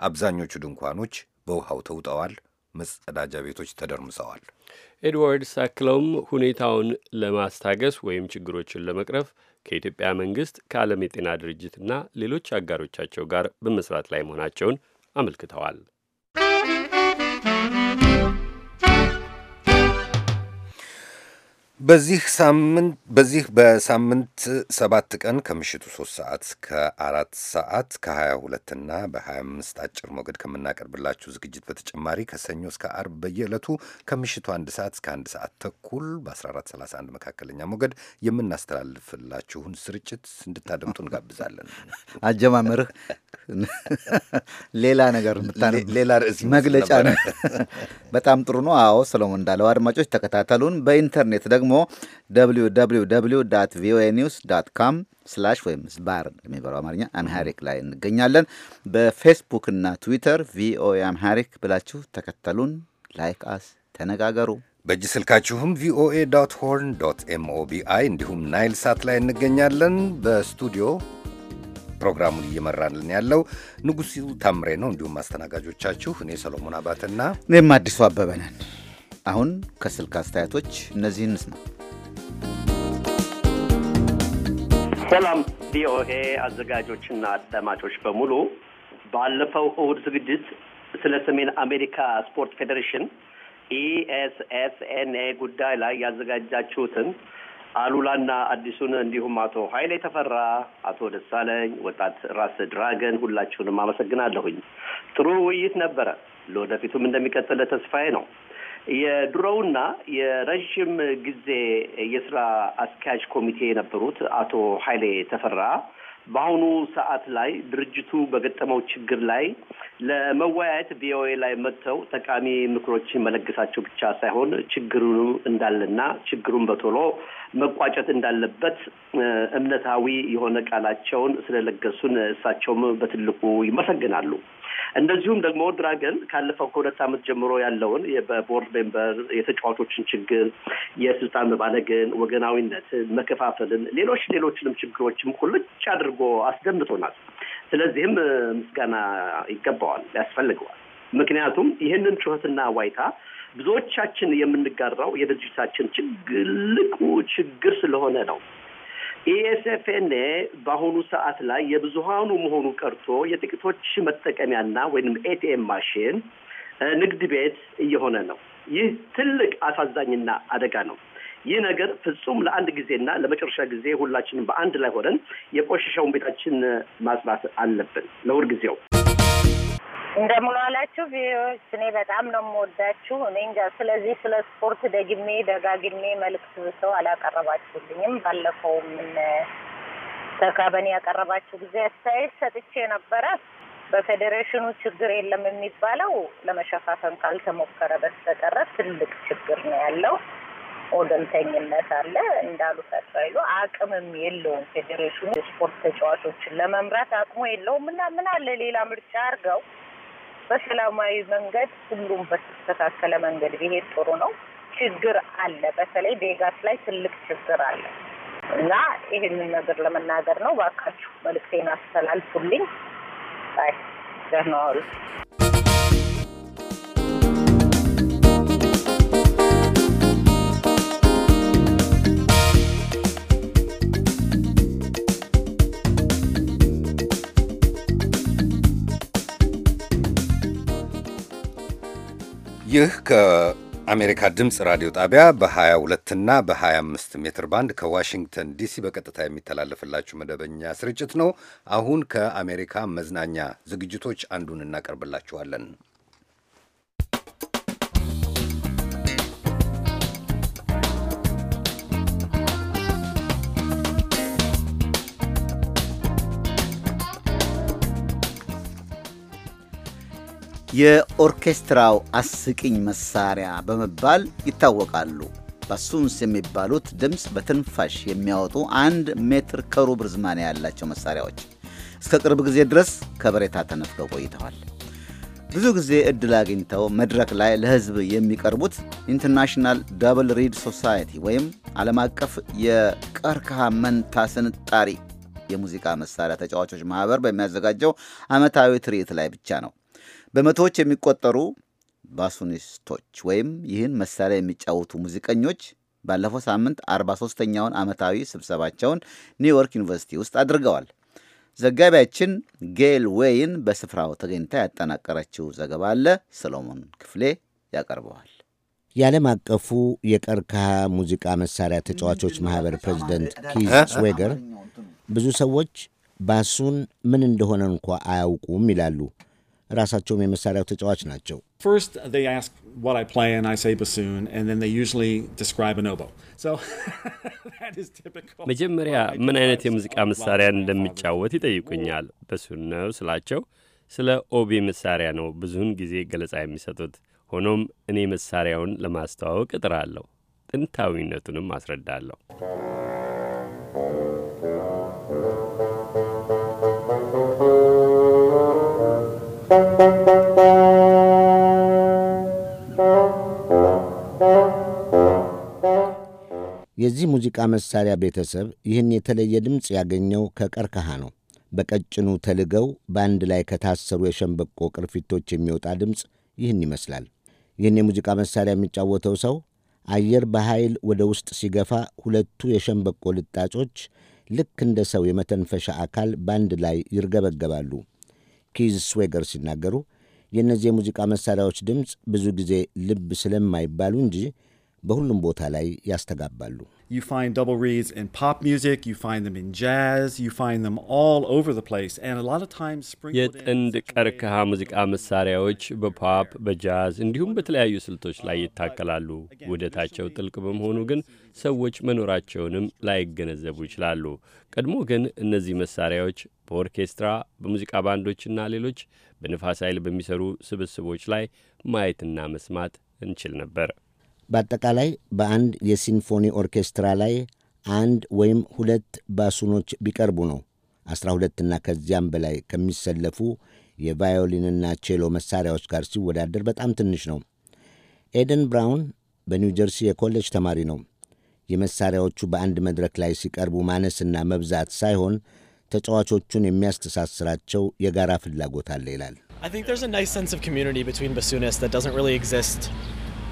አብዛኞቹ ድንኳኖች በውሃው ተውጠዋል። መጸዳጃ ቤቶች ተደርምሰዋል። ኤድዋርድስ አክለውም ሁኔታውን ለማስታገስ ወይም ችግሮችን ለመቅረፍ ከኢትዮጵያ መንግስት ከዓለም የጤና ድርጅትና ሌሎች አጋሮቻቸው ጋር በመስራት ላይ መሆናቸውን አመልክተዋል። በዚህ ሳምንት በዚህ በሳምንት ሰባት ቀን ከምሽቱ ሶስት ሰዓት እስከ አራት ሰዓት ከሀያ ሁለትና በሀያ አምስት አጭር ሞገድ ከምናቀርብላችሁ ዝግጅት በተጨማሪ ከሰኞ እስከ አርብ በየዕለቱ ከምሽቱ አንድ ሰዓት እስከ አንድ ሰዓት ተኩል በ 1431 መካከለኛ ሞገድ የምናስተላልፍላችሁን ስርጭት እንድታደምጡ እንጋብዛለን። አጀማመርህ ሌላ ነገር ሌላ ርዕስ መግለጫ ነው። በጣም ጥሩ ነው። አዎ ሰሎሞን እንዳለው አድማጮች ተከታተሉን። በኢንተርኔት ደግሞ ደግሞ www ቪኦኤ ኒውስ ዳት ካም ስላሽ ወይም ስባር የሚባለው አማርኛ አምሃሪክ ላይ እንገኛለን። በፌስቡክና ትዊተር ቪኦኤ አምሃሪክ ብላችሁ ተከተሉን፣ ላይክ አስ፣ ተነጋገሩ። በእጅ ስልካችሁም ቪኦኤ ዶት ሆርን ዶት ኤምኦቢአይ እንዲሁም ናይል ሳት ላይ እንገኛለን። በስቱዲዮ ፕሮግራሙን እየመራልን ያለው ንጉሡ ታምሬ ነው። እንዲሁም አስተናጋጆቻችሁ እኔ ሰሎሞን አባትና እኔም አዲሱ አበበ ነን። አሁን ከስልክ አስተያየቶች እነዚህን እንስማ። ሰላም ቪኦኤ አዘጋጆችና አዳማጮች በሙሉ ባለፈው እሁድ ዝግጅት ስለ ሰሜን አሜሪካ ስፖርት ፌዴሬሽን ኢኤስኤስኤንኤ e ጉዳይ ላይ ያዘጋጃችሁትን አሉላና አዲሱን እንዲሁም አቶ ኃይሌ ተፈራ፣ አቶ ደሳለኝ፣ ወጣት ራስ ድራገን ሁላችሁንም አመሰግናለሁኝ። ጥሩ ውይይት ነበረ። ለወደፊቱም እንደሚቀጥል ተስፋዬ ነው። የድሮውና የረዥም ጊዜ የስራ አስኪያጅ ኮሚቴ የነበሩት አቶ ኃይሌ ተፈራ በአሁኑ ሰዓት ላይ ድርጅቱ በገጠመው ችግር ላይ ለመወያየት ቪኦኤ ላይ መጥተው ጠቃሚ ምክሮችን መለገሳቸው ብቻ ሳይሆን ችግሩ እንዳለና ችግሩን በቶሎ መቋጨት እንዳለበት እምነታዊ የሆነ ቃላቸውን ስለለገሱን እሳቸውም በትልቁ ይመሰግናሉ። እንደዚሁም ደግሞ ድራገን ካለፈው ከሁለት ዓመት ጀምሮ ያለውን በቦርድ ሜምበር የተጫዋቾችን ችግር፣ የስልጣን መባለግን፣ ወገናዊነትን፣ መከፋፈልን፣ ሌሎች ሌሎችንም ችግሮችም ቁልጭ አድርጎ አስደምጦናል። ስለዚህም ምስጋና ይገባዋል፣ ያስፈልገዋል። ምክንያቱም ይህንን ጩኸትና ዋይታ ብዙዎቻችን የምንጋራው የድርጅታችን ትልቁ ችግር ስለሆነ ነው። ኢኤስኤፍኤን በአሁኑ ሰዓት ላይ የብዙሀኑ መሆኑ ቀርቶ የጥቂቶች መጠቀሚያና ወይም ኤቲኤም ማሽን ንግድ ቤት እየሆነ ነው። ይህ ትልቅ አሳዛኝና አደጋ ነው። ይህ ነገር ፍጹም ለአንድ ጊዜና ለመጨረሻ ጊዜ ሁላችንም በአንድ ላይ ሆነን የቆሸሸውን ቤታችን ማጽዳት አለብን። ለሁል ጊዜው እንደምን ቪዎች። እኔ በጣም ነው የምወዳችሁ። እኔ እንጃ ስለዚህ ስለ ስፖርት ደግሜ ደጋግሜ መልክት ብሰው አላቀረባችሁልኝም። ባለፈውም ተካበን ያቀረባችሁ ጊዜ አስተያየት ሰጥቼ ነበረ። በፌዴሬሽኑ ችግር የለም የሚባለው ለመሸፋፈን ካልተሞከረ በስተቀረ ትልቅ ችግር ነው ያለው። ወገንተኝነት አለ እንዳሉ አስፋይሉ አቅምም የለውም። ፌዴሬሽኑ የስፖርት ተጫዋቾችን ለመምራት አቅሙ የለውም እና ምን አለ ሌላ ምርጫ አድርገው በሰላማዊ መንገድ ሁሉም በተስተካከለ መንገድ ቢሄድ ጥሩ ነው። ችግር አለ። በተለይ ቬጋስ ላይ ትልቅ ችግር አለ እና ይህንን ነገር ለመናገር ነው። እባካችሁ መልዕክቴን አስተላልፉልኝ። ይ ደህና ዋሉ። ይህ ከአሜሪካ ድምፅ ራዲዮ ጣቢያ በ22 እና በ25 ሜትር ባንድ ከዋሽንግተን ዲሲ በቀጥታ የሚተላለፍላችሁ መደበኛ ስርጭት ነው። አሁን ከአሜሪካ መዝናኛ ዝግጅቶች አንዱን እናቀርብላችኋለን። የኦርኬስትራው አስቂኝ መሳሪያ በመባል ይታወቃሉ። ባሱንስ የሚባሉት ድምፅ በትንፋሽ የሚያወጡ አንድ ሜትር ከሩብ ርዝማኔ ያላቸው መሳሪያዎች እስከ ቅርብ ጊዜ ድረስ ከበሬታ ተነፍገው ቆይተዋል። ብዙ ጊዜ እድል አግኝተው መድረክ ላይ ለሕዝብ የሚቀርቡት ኢንተርናሽናል ዳብል ሪድ ሶሳይቲ ወይም ዓለም አቀፍ የቀርከሃ መንታ ስንጣሪ የሙዚቃ መሳሪያ ተጫዋቾች ማኅበር በሚያዘጋጀው ዓመታዊ ትርኢት ላይ ብቻ ነው። በመቶዎች የሚቆጠሩ ባሱኒስቶች ወይም ይህን መሳሪያ የሚጫወቱ ሙዚቀኞች ባለፈው ሳምንት 43ኛውን ዓመታዊ ስብሰባቸውን ኒውዮርክ ዩኒቨርሲቲ ውስጥ አድርገዋል። ዘጋቢያችን ጌል ዌይን በስፍራው ተገኝታ ያጠናቀረችው ዘገባ አለ። ሰሎሞን ክፍሌ ያቀርበዋል። የዓለም አቀፉ የቀርከሃ ሙዚቃ መሳሪያ ተጫዋቾች ማኅበር ፕሬዚደንት ኪዝ ስዌገር ብዙ ሰዎች ባሱን ምን እንደሆነ እንኳ አያውቁም ይላሉ። ራሳቸውም የመሳሪያው ተጫዋች ናቸው። መጀመሪያ ምን አይነት የሙዚቃ መሳሪያ እንደሚጫወት ይጠይቁኛል። በሱን ነው ስላቸው፣ ስለ ኦቤ መሳሪያ ነው ብዙውን ጊዜ ገለጻ የሚሰጡት። ሆኖም እኔ መሳሪያውን ለማስተዋወቅ እጥራለሁ፣ ጥንታዊነቱንም አስረዳለሁ። የዚህ ሙዚቃ መሳሪያ ቤተሰብ ይህን የተለየ ድምፅ ያገኘው ከቀርከሃ ነው። በቀጭኑ ተልገው በአንድ ላይ ከታሰሩ የሸንበቆ ቅርፊቶች የሚወጣ ድምፅ ይህን ይመስላል። ይህን የሙዚቃ መሳሪያ የሚጫወተው ሰው አየር በኃይል ወደ ውስጥ ሲገፋ ሁለቱ የሸንበቆ ልጣጮች ልክ እንደ ሰው የመተንፈሻ አካል በአንድ ላይ ይርገበገባሉ። ኪዝ ስዌገር ሲናገሩ የእነዚህ የሙዚቃ መሣሪያዎች ድምፅ ብዙ ጊዜ ልብ ስለማይባሉ እንጂ በሁሉም ቦታ ላይ ያስተጋባሉ። የጥንድ ቀርከሃ ሙዚቃ መሳሪያዎች በፖፕ በጃዝ እንዲሁም በተለያዩ ስልቶች ላይ ይታከላሉ። ውህደታቸው ጥልቅ በመሆኑ ግን ሰዎች መኖራቸውንም ላይገነዘቡ ይችላሉ። ቀድሞ ግን እነዚህ መሳሪያዎች በኦርኬስትራ በሙዚቃ ባንዶችና ሌሎች በንፋስ ኃይል በሚሰሩ ስብስቦች ላይ ማየትና መስማት እንችል ነበር። በአጠቃላይ በአንድ የሲምፎኒ ኦርኬስትራ ላይ አንድ ወይም ሁለት ባሱኖች ቢቀርቡ ነው 12 ሁለትና ከዚያም በላይ ከሚሰለፉ የቫዮሊንና ቼሎ መሳሪያዎች ጋር ሲወዳደር በጣም ትንሽ ነው። ኤደን ብራውን በኒው ጀርሲ የኮሌጅ ተማሪ ነው። የመሣሪያዎቹ በአንድ መድረክ ላይ ሲቀርቡ ማነስና መብዛት ሳይሆን ተጫዋቾቹን የሚያስተሳስራቸው የጋራ ፍላጎት አለ ይላል።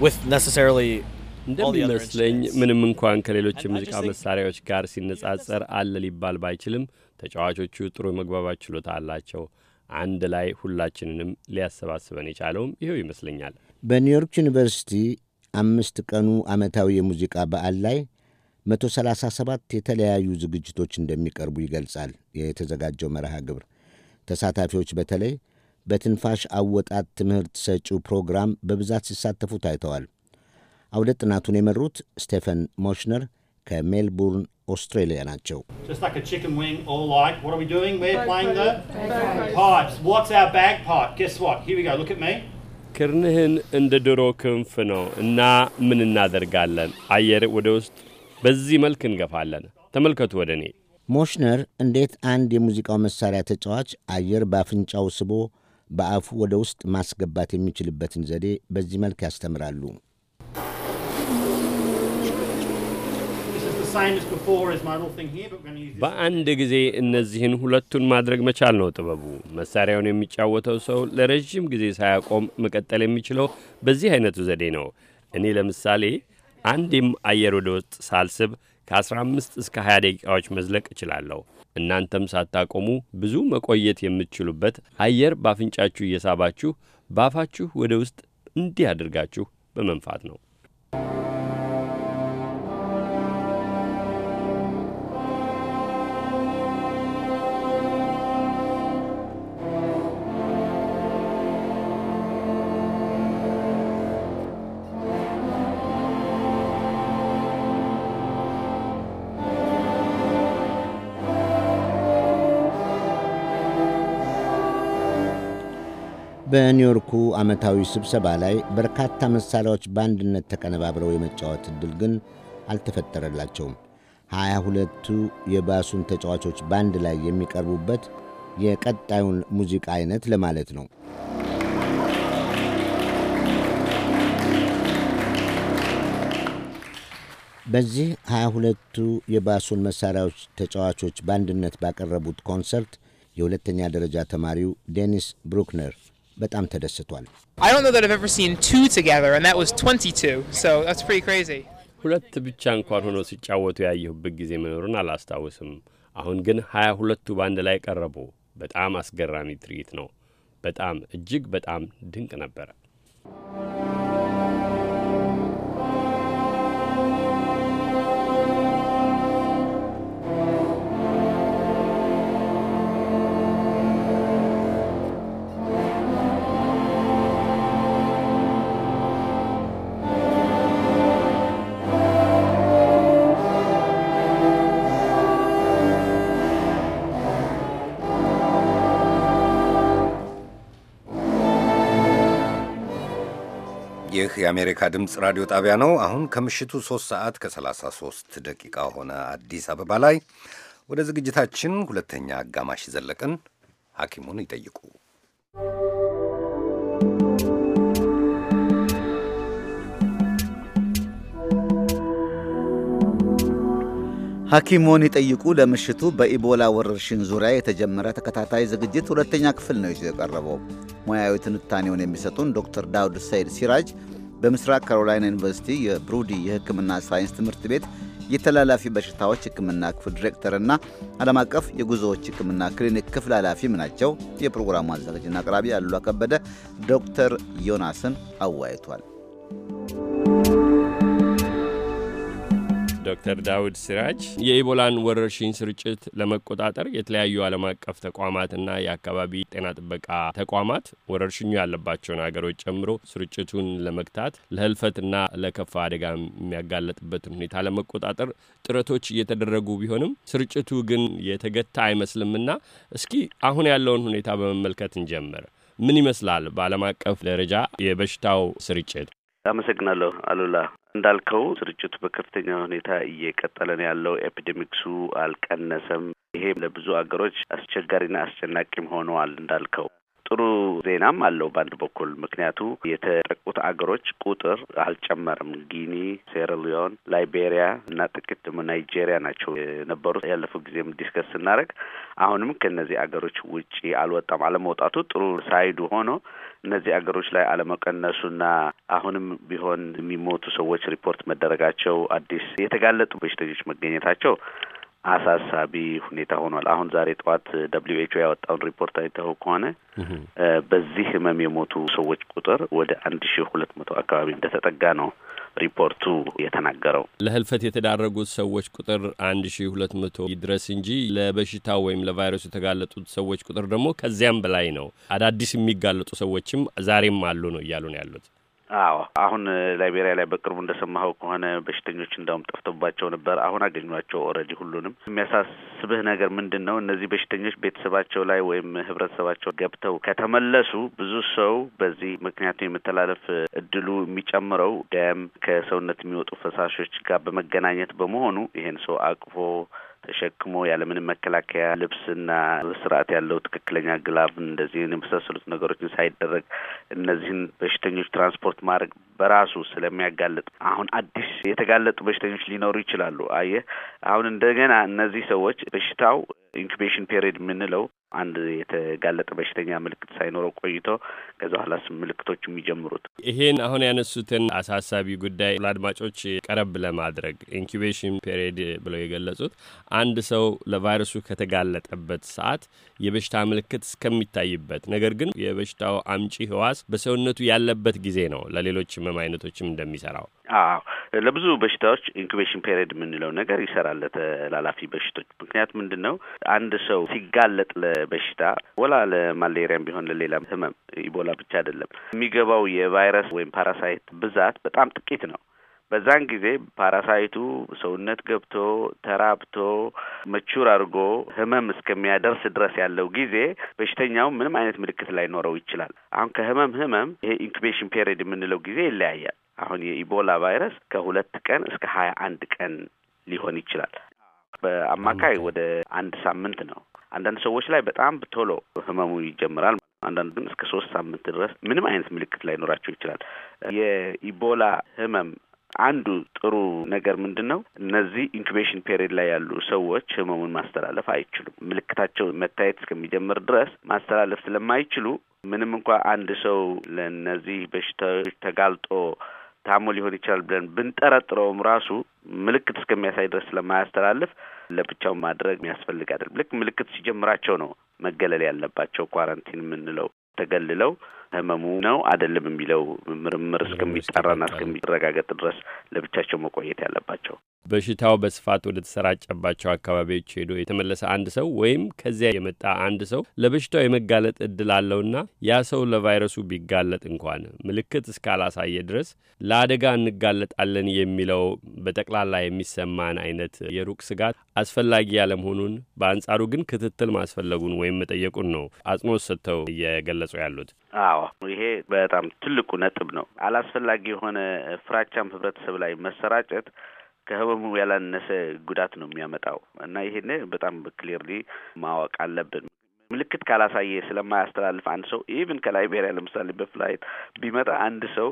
እንደሚመስለኝ ምንም እንኳን ከሌሎች የሙዚቃ መሳሪያዎች ጋር ሲነጻጸር አለ ሊባል ባይችልም ተጫዋቾቹ ጥሩ መግባባት ችሎታ አላቸው። አንድ ላይ ሁላችንንም ሊያሰባስበን የቻለውም ይኸው ይመስለኛል። በኒውዮርክ ዩኒቨርሲቲ አምስት ቀኑ ዓመታዊ የሙዚቃ በዓል ላይ 137 የተለያዩ ዝግጅቶች እንደሚቀርቡ ይገልጻል የተዘጋጀው መርሃ ግብር። ተሳታፊዎች በተለይ በትንፋሽ አወጣት ትምህርት ሰጪው ፕሮግራም በብዛት ሲሳተፉ ታይተዋል። አውደ ጥናቱን የመሩት ስቴፈን ሞሽነር ከሜልቡርን ኦስትሬሊያ ናቸው። ክርንህን እንደ ዶሮ ክንፍ ነው እና ምን እናደርጋለን? አየር ወደ ውስጥ በዚህ መልክ እንገፋለን። ተመልከቱ ወደ እኔ። ሞሽነር እንዴት አንድ የሙዚቃው መሳሪያ ተጫዋች አየር በአፍንጫው ስቦ በአፉ ወደ ውስጥ ማስገባት የሚችልበትን ዘዴ በዚህ መልክ ያስተምራሉ። በአንድ ጊዜ እነዚህን ሁለቱን ማድረግ መቻል ነው ጥበቡ። መሳሪያውን የሚጫወተው ሰው ለረዥም ጊዜ ሳያቆም መቀጠል የሚችለው በዚህ አይነቱ ዘዴ ነው። እኔ ለምሳሌ አንዴም አየር ወደ ውስጥ ሳልስብ ከ15 እስከ 20 ደቂቃዎች መዝለቅ እችላለሁ። እናንተም ሳታቆሙ ብዙ መቆየት የምትችሉበት አየር ባፍንጫችሁ እየሳባችሁ ባፋችሁ ወደ ውስጥ እንዲህ አድርጋችሁ በመንፋት ነው። በኒውዮርኩ ዓመታዊ ስብሰባ ላይ በርካታ መሣሪያዎች በአንድነት ተቀነባብረው የመጫወት ዕድል ግን አልተፈጠረላቸውም። ሀያ ሁለቱ የባሱን ተጫዋቾች በአንድ ላይ የሚቀርቡበት የቀጣዩን ሙዚቃ አይነት ለማለት ነው። በዚህ ሀያ ሁለቱ የባሱን መሣሪያዎች ተጫዋቾች በአንድነት ባቀረቡት ኮንሰርት የሁለተኛ ደረጃ ተማሪው ዴኒስ ብሩክነር በጣም ተደስቷል። ሁለት ብቻ እንኳን ሆነው ሲጫወቱ ያየሁበት ጊዜ መኖሩን አላስታውስም። አሁን ግን ሀያ ሁለቱ በአንድ ላይ ቀረቡ። በጣም አስገራሚ ትርኢት ነው። በጣም እጅግ በጣም ድንቅ ነበረ። የአሜሪካ ድምፅ ራዲዮ ጣቢያ ነው። አሁን ከምሽቱ 3 ሰዓት ከ33 ደቂቃ ሆነ አዲስ አበባ ላይ። ወደ ዝግጅታችን ሁለተኛ አጋማሽ ዘለቅን። ሐኪሙን ይጠይቁ ሐኪሞን ይጠይቁ ለምሽቱ በኢቦላ ወረርሽኝ ዙሪያ የተጀመረ ተከታታይ ዝግጅት ሁለተኛ ክፍል ነው ይዞ የቀረበው። ሙያዊ ትንታኔውን የሚሰጡን ዶክተር ዳውድ ሰይድ ሲራጅ በምስራቅ ካሮላይና ዩኒቨርሲቲ የብሩዲ የሕክምና ሳይንስ ትምህርት ቤት የተላላፊ በሽታዎች ሕክምና ክፍል ዲሬክተርና ዓለም አቀፍ የጉዞዎች ሕክምና ክሊኒክ ክፍል ኃላፊም ናቸው። የፕሮግራሙ አዘጋጅና አቅራቢ አሉላ ከበደ ዶክተር ዮናስን አወያይቷል። ዶክተር ዳውድ ሲራጅ የኢቦላን ወረርሽኝ ስርጭት ለመቆጣጠር የተለያዩ ዓለም አቀፍ ተቋማትና የአካባቢ ጤና ጥበቃ ተቋማት ወረርሽኙ ያለባቸውን ሀገሮች ጨምሮ ስርጭቱን ለመግታት ለህልፈትና ለከፋ አደጋ የሚያጋለጥበትን ሁኔታ ለመቆጣጠር ጥረቶች እየተደረጉ ቢሆንም ስርጭቱ ግን የተገታ አይመስልምና እስኪ አሁን ያለውን ሁኔታ በመመልከት እንጀምር። ምን ይመስላል በዓለም አቀፍ ደረጃ የበሽታው ስርጭት? አመሰግናለሁ አሉላ። እንዳልከው ስርጭቱ በከፍተኛ ሁኔታ እየቀጠለ ነው ያለው። ኤፒዴሚክሱ አልቀነሰም። ይሄ ለብዙ አገሮች አስቸጋሪና አስጨናቂም ሆነዋል። እንዳልከው ጥሩ ዜናም አለው በአንድ በኩል ምክንያቱ የተጠቁት አገሮች ቁጥር አልጨመረም። ጊኒ፣ ሴራሊዮን፣ ላይቤሪያ እና ጥቂት ደግሞ ናይጄሪያ ናቸው የነበሩት። ያለፈው ጊዜም ዲስከስ ስናደርግ አሁንም ከእነዚህ አገሮች ውጪ አልወጣም። አለመውጣቱ ጥሩ ሳይዱ ሆኖ እነዚህ አገሮች ላይ አለመቀነሱና አሁንም ቢሆን የሚሞቱ ሰዎች ሪፖርት መደረጋቸው አዲስ የተጋለጡ በሽተኞች መገኘታቸው አሳሳቢ ሁኔታ ሆኗል። አሁን ዛሬ ጠዋት ደብሊው ኤች ኦ ያወጣውን ሪፖርት አይተው ከሆነ በዚህ ህመም የሞቱ ሰዎች ቁጥር ወደ አንድ ሺ ሁለት መቶ አካባቢ እንደተጠጋ ነው ሪፖርቱ የተናገረው። ለህልፈት የተዳረጉት ሰዎች ቁጥር አንድ ሺ ሁለት መቶ ይድረስ እንጂ ለበሽታው ወይም ለቫይረሱ የተጋለጡት ሰዎች ቁጥር ደግሞ ከዚያም በላይ ነው። አዳዲስ የሚጋለጡ ሰዎችም ዛሬም አሉ ነው እያሉ ነው ያሉት። አዎ አሁን ላይቤሪያ ላይ በቅርቡ እንደሰማኸው ከሆነ በሽተኞች እንዳውም ጠፍቶባቸው ነበር። አሁን አገኟቸው ኦልሬዲ ሁሉንም። የሚያሳስብህ ነገር ምንድን ነው? እነዚህ በሽተኞች ቤተሰባቸው ላይ ወይም ህብረተሰባቸው ገብተው ከተመለሱ ብዙ ሰው በዚህ ምክንያቱ የመተላለፍ እድሉ የሚጨምረው ደም ከሰውነት የሚወጡ ፈሳሾች ጋር በመገናኘት በመሆኑ ይሄን ሰው አቅፎ ተሸክሞ ያለምንም መከላከያ ልብስና ስርዓት ያለው ትክክለኛ ግላብ እንደዚህን የመሳሰሉት ነገሮችን ሳይደረግ እነዚህን በሽተኞች ትራንስፖርት ማድረግ በራሱ ስለሚያጋልጥ አሁን አዲስ የተጋለጡ በሽተኞች ሊኖሩ ይችላሉ። አየህ አሁን እንደገና እነዚህ ሰዎች በሽታው ኢንኩቤሽን ፔሪድ የምንለው አንድ የተጋለጠ በሽተኛ ምልክት ሳይኖረው ቆይቶ ከዛ በኋላ ምልክቶች የሚጀምሩት ይሄን አሁን ያነሱትን አሳሳቢ ጉዳይ ለአድማጮች ቀረብ ለማድረግ ኢንኩቤሽን ፔሪድ ብለው የገለጹት አንድ ሰው ለቫይረሱ ከተጋለጠበት ሰዓት የበሽታ ምልክት እስከሚታይበት ነገር ግን የበሽታው አምጪ ህዋስ በሰውነቱ ያለበት ጊዜ ነው። ለሌሎች ህመም አይነቶችም እንደሚሰራው አዎ ለብዙ በሽታዎች ኢንኩቤሽን ፔሪድ የምንለው ነገር ይሰራል። ለተላላፊ በሽቶች ምክንያት ምንድን ነው? አንድ ሰው ሲጋለጥ ለበሽታ ወላ ለማሌሪያም ቢሆን ለሌላ ህመም ኢቦላ ብቻ አይደለም የሚገባው የቫይረስ ወይም ፓራሳይት ብዛት በጣም ጥቂት ነው። በዛን ጊዜ ፓራሳይቱ ሰውነት ገብቶ ተራብቶ መቹር አድርጎ ህመም እስከሚያደርስ ድረስ ያለው ጊዜ በሽተኛው ምንም አይነት ምልክት ላይኖረው ይችላል። አሁን ከህመም ህመም ይሄ ኢንኩቤሽን ፔሪድ የምንለው ጊዜ ይለያያል። አሁን የኢቦላ ቫይረስ ከሁለት ቀን እስከ ሀያ አንድ ቀን ሊሆን ይችላል። በአማካይ ወደ አንድ ሳምንት ነው። አንዳንድ ሰዎች ላይ በጣም ቶሎ ህመሙ ይጀምራል። አንዳንዱም እስከ ሶስት ሳምንት ድረስ ምንም አይነት ምልክት ላይኖራቸው ይችላል። የኢቦላ ህመም አንዱ ጥሩ ነገር ምንድን ነው? እነዚህ ኢንኩቤሽን ፔሪድ ላይ ያሉ ሰዎች ህመሙን ማስተላለፍ አይችሉም። ምልክታቸው መታየት እስከሚጀምር ድረስ ማስተላለፍ ስለማይችሉ ምንም እንኳ አንድ ሰው ለእነዚህ በሽታዎች ተጋልጦ ታሞ ሊሆን ይችላል ብለን ብንጠረጥረውም ራሱ ምልክት እስከሚያሳይ ድረስ ስለማያስተላልፍ ለብቻው ማድረግ የሚያስፈልግ አይደለም። ልክ ምልክት ሲጀምራቸው ነው መገለል ያለባቸው ኳረንቲን የምንለው ተገልለው ህመሙ ነው አይደለም የሚለው ምርምር እስከሚጠራና እስከሚረጋገጥ ድረስ ለብቻቸው መቆየት ያለባቸው። በሽታው በስፋት ወደ ተሰራጨባቸው አካባቢዎች ሄዶ የተመለሰ አንድ ሰው ወይም ከዚያ የመጣ አንድ ሰው ለበሽታው የመጋለጥ እድል አለውና ያ ሰው ለቫይረሱ ቢጋለጥ እንኳን ምልክት እስካላሳየ ድረስ ለአደጋ እንጋለጣለን የሚለው በጠቅላላ የሚሰማን አይነት የሩቅ ስጋት አስፈላጊ ያለመሆኑን፣ በአንጻሩ ግን ክትትል ማስፈለጉን ወይም መጠየቁን ነው አጽንኦት ሰጥተው እየገለጹ እየገለጹ ያሉት። አዎ ይሄ በጣም ትልቁ ነጥብ ነው። አላስፈላጊ የሆነ ፍራቻም ህብረተሰብ ላይ መሰራጨት ከህመሙ ያላነሰ ጉዳት ነው የሚያመጣው እና ይሄን በጣም ክሊርሊ ማወቅ አለብን። ምልክት ካላሳየ ስለማያስተላልፍ አንድ ሰው ኢቭን ከላይቤሪያ ለምሳሌ በፍላይት ቢመጣ አንድ ሰው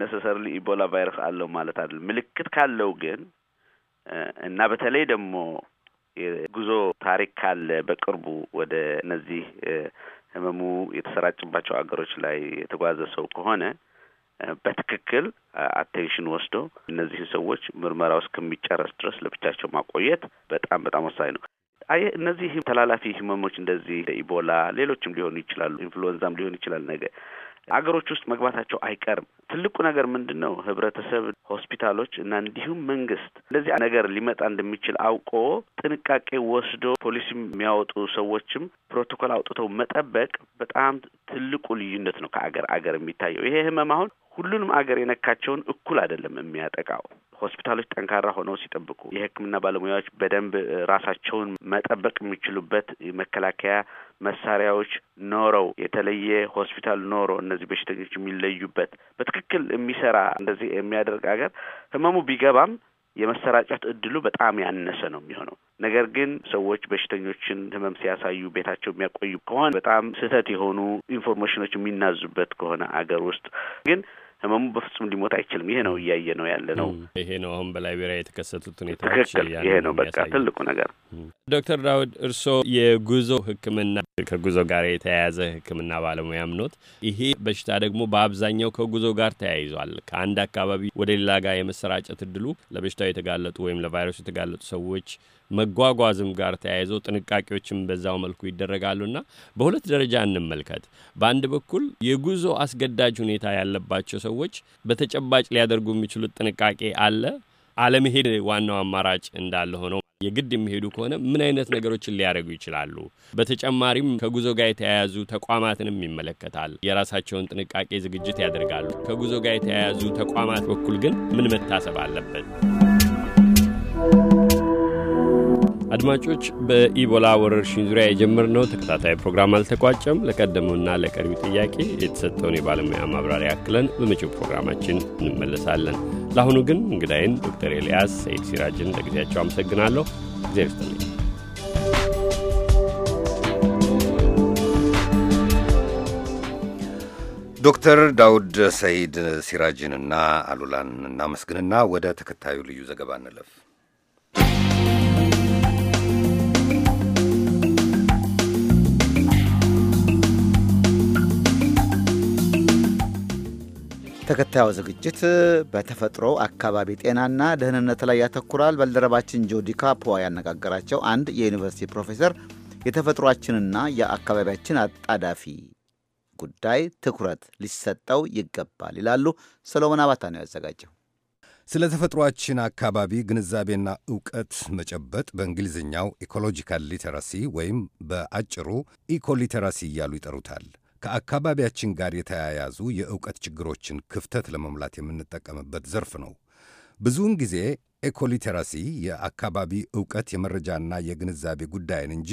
ነሰሰርሊ ኢቦላ ቫይረስ አለው ማለት አይደለም። ምልክት ካለው ግን እና በተለይ ደግሞ የጉዞ ታሪክ ካለ በቅርቡ ወደ እነዚህ ህመሙ የተሰራጭባቸው አገሮች ላይ የተጓዘ ሰው ከሆነ በትክክል አቴንሽን ወስዶ እነዚህ ሰዎች ምርመራው እስከሚጨረስ ድረስ ለብቻቸው ማቆየት በጣም በጣም ወሳኝ ነው። አየ እነዚህ ተላላፊ ህመሞች እንደዚህ ኢቦላ፣ ሌሎችም ሊሆኑ ይችላሉ፣ ኢንፍሉዌንዛም ሊሆን ይችላል ነገ አገሮች ውስጥ መግባታቸው አይቀርም። ትልቁ ነገር ምንድን ነው? ህብረተሰብ፣ ሆስፒታሎች እና እንዲሁም መንግስት እንደዚህ ነገር ሊመጣ እንደሚችል አውቆ ጥንቃቄ ወስዶ ፖሊሲ የሚያወጡ ሰዎችም ፕሮቶኮል አውጥተው መጠበቅ በጣም ትልቁ ልዩነት ነው ከአገር አገር የሚታየው። ይሄ ህመም አሁን ሁሉንም አገር የነካቸውን እኩል አይደለም የሚያጠቃው። ሆስፒታሎች ጠንካራ ሆነው ሲጠብቁ፣ የሕክምና ባለሙያዎች በደንብ ራሳቸውን መጠበቅ የሚችሉበት መከላከያ መሳሪያዎች ኖረው፣ የተለየ ሆስፒታል ኖሮ እነዚህ በሽተኞች የሚለዩበት በትክክል የሚሰራ እንደዚህ የሚያደርግ ሀገር ህመሙ ቢገባም የመሰራጨት እድሉ በጣም ያነሰ ነው የሚሆነው። ነገር ግን ሰዎች በሽተኞችን ህመም ሲያሳዩ ቤታቸው የሚያቆዩ ከሆነ በጣም ስህተት የሆኑ ኢንፎርሜሽኖች የሚናዙበት ከሆነ አገር ውስጥ ግን ህመሙ በፍጹም ሊሞት አይችልም። ይሄ ነው እያየ ነው ያለ ነው። ይሄ ነው አሁን በላይቤሪያ የተከሰቱት ሁኔታዎች። ይሄ ነው በቃ ትልቁ ነገር። ዶክተር ዳውድ እርስዎ የጉዞ ህክምና ከጉዞ ጋር የተያያዘ ህክምና ባለሙያም ኖት። ይሄ በሽታ ደግሞ በአብዛኛው ከጉዞ ጋር ተያይዟል። ከአንድ አካባቢ ወደ ሌላ ጋር የመሰራጨት እድሉ ለበሽታው የተጋለጡ ወይም ለቫይረሱ የተጋለጡ ሰዎች መጓጓዝም ጋር ተያይዞ ጥንቃቄዎችም በዛው መልኩ ይደረጋሉና በሁለት ደረጃ እንመልከት። በአንድ በኩል የጉዞ አስገዳጅ ሁኔታ ያለባቸው ሰዎች በተጨባጭ ሊያደርጉ የሚችሉት ጥንቃቄ አለ። አለመሄድ ዋናው አማራጭ እንዳለ ሆኖ የግድ የሚሄዱ ከሆነ ምን አይነት ነገሮችን ሊያደርጉ ይችላሉ? በተጨማሪም ከጉዞ ጋር የተያያዙ ተቋማትንም ይመለከታል። የራሳቸውን ጥንቃቄ ዝግጅት ያደርጋሉ። ከጉዞ ጋር የተያያዙ ተቋማት በኩል ግን ምን መታሰብ አለበት? አድማጮች በኢቦላ ወረርሽኝ ዙሪያ የጀመርነው ተከታታይ ፕሮግራም አልተቋጨም። ለቀደመውና ለቀድሚ ጥያቄ የተሰጠውን የባለሙያ ማብራሪያ አክለን በመጪው ፕሮግራማችን እንመለሳለን። ለአሁኑ ግን እንግዳይን ዶክተር ኤልያስ ሰይድ ሲራጅን ለጊዜያቸው አመሰግናለሁ። ጊዜ ይስጥልኝ። ዶክተር ዳውድ ሰይድ ሲራጅንና አሉላን እናመስግንና ወደ ተከታዩ ልዩ ዘገባ እንለፍ። ተከታዩ ዝግጅት በተፈጥሮ አካባቢ ጤናና ደህንነት ላይ ያተኩራል። ባልደረባችን ጆዲ ካፖዋ ያነጋገራቸው አንድ የዩኒቨርሲቲ ፕሮፌሰር የተፈጥሯችንና የአካባቢያችን አጣዳፊ ጉዳይ ትኩረት ሊሰጠው ይገባል ይላሉ። ሰሎሞን አባታ ነው ያዘጋጀው። ስለ ተፈጥሯችን አካባቢ ግንዛቤና ዕውቀት መጨበጥ በእንግሊዝኛው ኢኮሎጂካል ሊተራሲ ወይም በአጭሩ ኢኮሊተራሲ እያሉ ይጠሩታል። ከአካባቢያችን ጋር የተያያዙ የእውቀት ችግሮችን ክፍተት ለመሙላት የምንጠቀምበት ዘርፍ ነው። ብዙውን ጊዜ ኤኮሊቴራሲ የአካባቢ እውቀት የመረጃና የግንዛቤ ጉዳይን እንጂ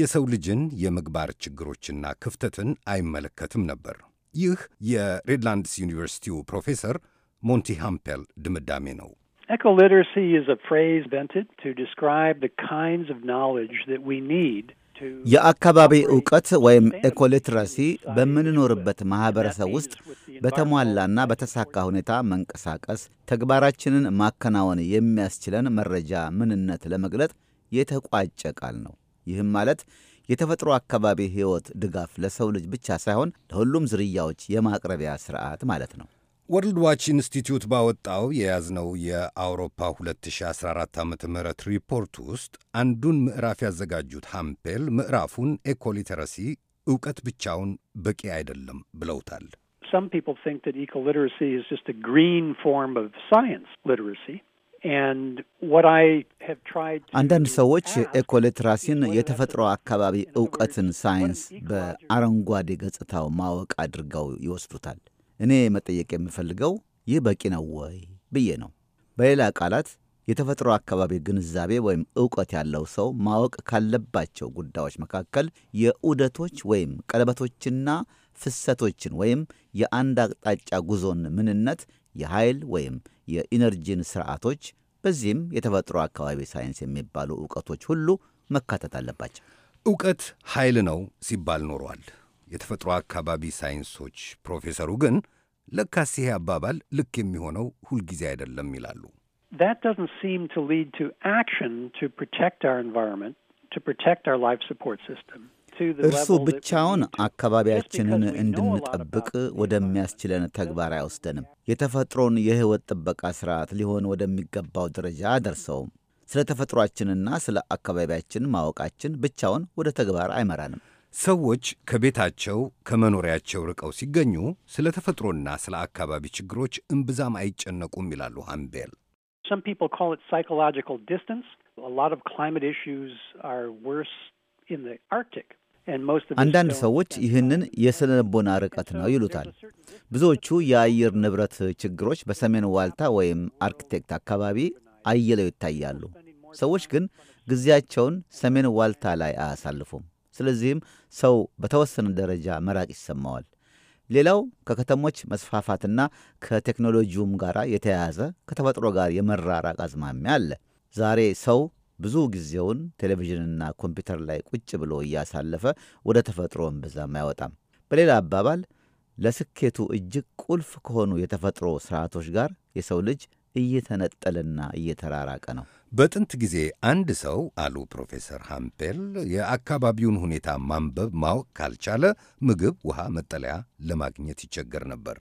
የሰው ልጅን የምግባር ችግሮችና ክፍተትን አይመለከትም ነበር። ይህ የሬድላንድስ ዩኒቨርሲቲው ፕሮፌሰር ሞንቲ ሃምፔል ድምዳሜ ነው። Echoliteracy is a phrase invented to describe the kinds of የአካባቢ ዕውቀት ወይም ኤኮሊትራሲ በምንኖርበት ማኅበረሰብ ውስጥ በተሟላና በተሳካ ሁኔታ መንቀሳቀስ፣ ተግባራችንን ማከናወን የሚያስችለን መረጃ ምንነት ለመግለጥ የተቋጨ ቃል ነው። ይህም ማለት የተፈጥሮ አካባቢ ሕይወት ድጋፍ ለሰው ልጅ ብቻ ሳይሆን ለሁሉም ዝርያዎች የማቅረቢያ ስርዓት ማለት ነው። ወርልድ ዋች ኢንስቲትዩት ባወጣው የያዝነው የአውሮፓ 2014 ዓ ም ሪፖርት ውስጥ አንዱን ምዕራፍ ያዘጋጁት ሃምፔል ምዕራፉን ኤኮሊተረሲ እውቀት ብቻውን በቂ አይደለም ብለውታል። Some people think that eco is just a green form of science literacy. አንዳንድ ሰዎች ኤኮሊትራሲን የተፈጥሮ አካባቢ እውቀትን ሳይንስ በአረንጓዴ ገጽታው ማወቅ አድርገው ይወስዱታል። እኔ መጠየቅ የምፈልገው ይህ በቂ ነው ወይ ብዬ ነው። በሌላ ቃላት የተፈጥሮ አካባቢ ግንዛቤ ወይም እውቀት ያለው ሰው ማወቅ ካለባቸው ጉዳዮች መካከል የዑደቶች ወይም ቀለበቶችና ፍሰቶችን ወይም የአንድ አቅጣጫ ጉዞን ምንነት፣ የኃይል ወይም የኢነርጂን ስርዓቶች፣ በዚህም የተፈጥሮ አካባቢ ሳይንስ የሚባሉ እውቀቶች ሁሉ መካተት አለባቸው። እውቀት ኃይል ነው ሲባል ኖሯል። የተፈጥሮ አካባቢ ሳይንሶች ፕሮፌሰሩ ግን ለካስ ይሄ አባባል ልክ የሚሆነው ሁልጊዜ አይደለም ይላሉ። That doesn't seem to lead to action to protect our environment, to protect our life support system. እርሱ ብቻውን አካባቢያችንን እንድንጠብቅ ወደሚያስችለን ተግባር አይወስደንም። የተፈጥሮን የሕይወት ጥበቃ ስርዓት ሊሆን ወደሚገባው ደረጃ አደርሰውም። ስለ ተፈጥሯችንና ስለ አካባቢያችን ማወቃችን ብቻውን ወደ ተግባር አይመራንም። ሰዎች ከቤታቸው ከመኖሪያቸው ርቀው ሲገኙ ስለ ተፈጥሮና ስለ አካባቢ ችግሮች እምብዛም አይጨነቁም ይላሉ ሃምቤል። Some people call it psychological distance. A lot of climate issues are worse in the Arctic. አንዳንድ ሰዎች ይህንን የስነ ልቦና ርቀት ነው ይሉታል። ብዙዎቹ የአየር ንብረት ችግሮች በሰሜን ዋልታ ወይም አርክቴክት አካባቢ አየለው ይታያሉ። ሰዎች ግን ጊዜያቸውን ሰሜን ዋልታ ላይ አያሳልፉም። ስለዚህም ሰው በተወሰነ ደረጃ መራቅ ይሰማዋል። ሌላው ከከተሞች መስፋፋትና ከቴክኖሎጂውም ጋር የተያያዘ ከተፈጥሮ ጋር የመራራቅ አዝማሚያ አለ። ዛሬ ሰው ብዙ ጊዜውን ቴሌቪዥንና ኮምፒውተር ላይ ቁጭ ብሎ እያሳለፈ ወደ ተፈጥሮ እምብዛም አይወጣም። በሌላ አባባል ለስኬቱ እጅግ ቁልፍ ከሆኑ የተፈጥሮ ስርዓቶች ጋር የሰው ልጅ እየተነጠለና እየተራራቀ ነው። በጥንት ጊዜ አንድ ሰው አሉ ፕሮፌሰር ሃምፔል የአካባቢውን ሁኔታ ማንበብ ማወቅ ካልቻለ ምግብ፣ ውሃ፣ መጠለያ ለማግኘት ይቸገር ነበር።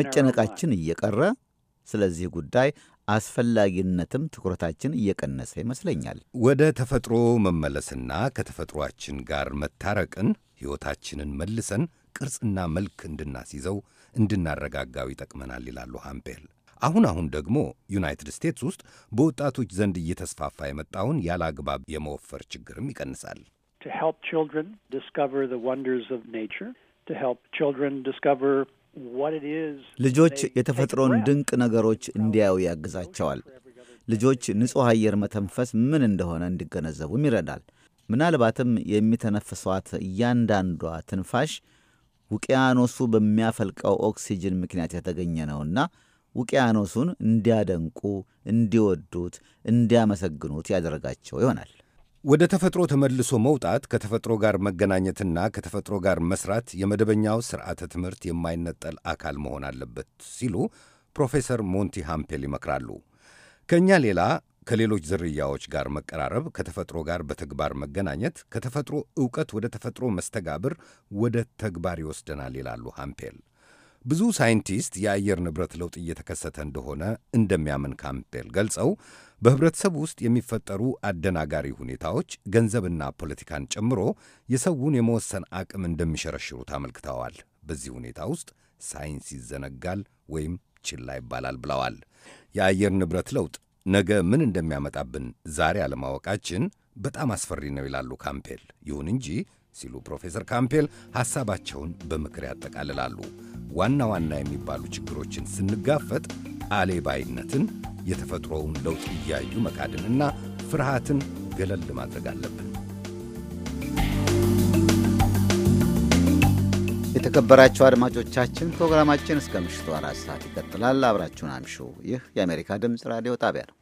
መጨነቃችን እየቀረ ስለዚህ ጉዳይ አስፈላጊነትም ትኩረታችን እየቀነሰ ይመስለኛል። ወደ ተፈጥሮ መመለስና ከተፈጥሮአችን ጋር መታረቅን ሕይወታችንን መልሰን ቅርጽና መልክ እንድናስይዘው እንድናረጋጋው ይጠቅመናል ይላሉ ሃምፔል። አሁን አሁን ደግሞ ዩናይትድ ስቴትስ ውስጥ በወጣቶች ዘንድ እየተስፋፋ የመጣውን ያለ አግባብ የመወፈር ችግርም ይቀንሳል። ልጆች የተፈጥሮን ድንቅ ነገሮች እንዲያዩ ያግዛቸዋል። ልጆች ንጹሕ አየር መተንፈስ ምን እንደሆነ እንዲገነዘቡም ይረዳል። ምናልባትም የሚተነፍሷት እያንዳንዷ ትንፋሽ ውቅያኖሱ በሚያፈልቀው ኦክሲጅን ምክንያት የተገኘ ነውና ውቅያኖሱን እንዲያደንቁ፣ እንዲወዱት፣ እንዲያመሰግኑት ያደረጋቸው ይሆናል። ወደ ተፈጥሮ ተመልሶ መውጣት ከተፈጥሮ ጋር መገናኘትና ከተፈጥሮ ጋር መስራት የመደበኛው ስርዓተ ትምህርት የማይነጠል አካል መሆን አለበት ሲሉ ፕሮፌሰር ሞንቲ ሃምፔል ይመክራሉ። ከእኛ ሌላ ከሌሎች ዝርያዎች ጋር መቀራረብ፣ ከተፈጥሮ ጋር በተግባር መገናኘት፣ ከተፈጥሮ ዕውቀት ወደ ተፈጥሮ መስተጋብር፣ ወደ ተግባር ይወስደናል ይላሉ ሃምፔል። ብዙ ሳይንቲስት የአየር ንብረት ለውጥ እየተከሰተ እንደሆነ እንደሚያምን ካምፔል ገልጸው በህብረተሰብ ውስጥ የሚፈጠሩ አደናጋሪ ሁኔታዎች ገንዘብና ፖለቲካን ጨምሮ የሰውን የመወሰን አቅም እንደሚሸረሽሩት አመልክተዋል። በዚህ ሁኔታ ውስጥ ሳይንስ ይዘነጋል ወይም ችላ ይባላል ብለዋል። የአየር ንብረት ለውጥ ነገ ምን እንደሚያመጣብን ዛሬ አለማወቃችን በጣም አስፈሪ ነው ይላሉ ካምፔል። ይሁን እንጂ ሲሉ ፕሮፌሰር ካምፔል ሐሳባቸውን በምክር ያጠቃልላሉ። ዋና ዋና የሚባሉ ችግሮችን ስንጋፈጥ አሌባይነትን፣ የተፈጥሮውን ለውጥ እያዩ መካድንና ፍርሃትን ገለል ማድረግ አለብን። የተከበራችሁ አድማጮቻችን ፕሮግራማችን እስከ ምሽቱ አራት ሰዓት ይቀጥላል። አብራችሁን አምሹ። ይህ የአሜሪካ ድምፅ ራዲዮ ጣቢያ ነው።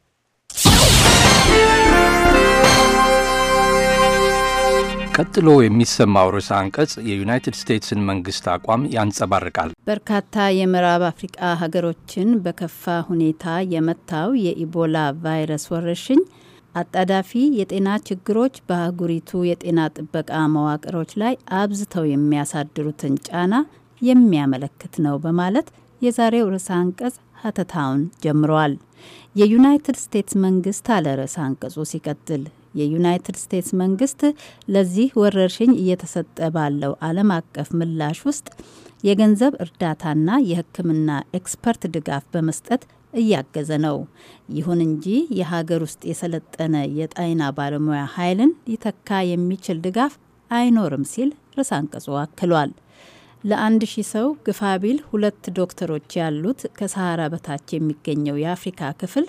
ቀጥሎ የሚሰማው ርዕሰ አንቀጽ የዩናይትድ ስቴትስን መንግስት አቋም ያንጸባርቃል። በርካታ የምዕራብ አፍሪቃ ሀገሮችን በከፋ ሁኔታ የመታው የኢቦላ ቫይረስ ወረርሽኝ አጣዳፊ የጤና ችግሮች በአህጉሪቱ የጤና ጥበቃ መዋቅሮች ላይ አብዝተው የሚያሳድሩትን ጫና የሚያመለክት ነው በማለት የዛሬው ርዕሰ አንቀጽ ሀተታውን ጀምረዋል። የዩናይትድ ስቴትስ መንግስት አለ ርዕሰ አንቀጹ ሲቀጥል የዩናይትድ ስቴትስ መንግስት ለዚህ ወረርሽኝ እየተሰጠ ባለው ዓለም አቀፍ ምላሽ ውስጥ የገንዘብ እርዳታና የሕክምና ኤክስፐርት ድጋፍ በመስጠት እያገዘ ነው። ይሁን እንጂ የሀገር ውስጥ የሰለጠነ የጣይና ባለሙያ ኃይልን ሊተካ የሚችል ድጋፍ አይኖርም ሲል ርዕሰ አንቀጹ አክሏል። ለአንድ ሺህ ሰው ግፋቢል ሁለት ዶክተሮች ያሉት ከሰሃራ በታች የሚገኘው የአፍሪካ ክፍል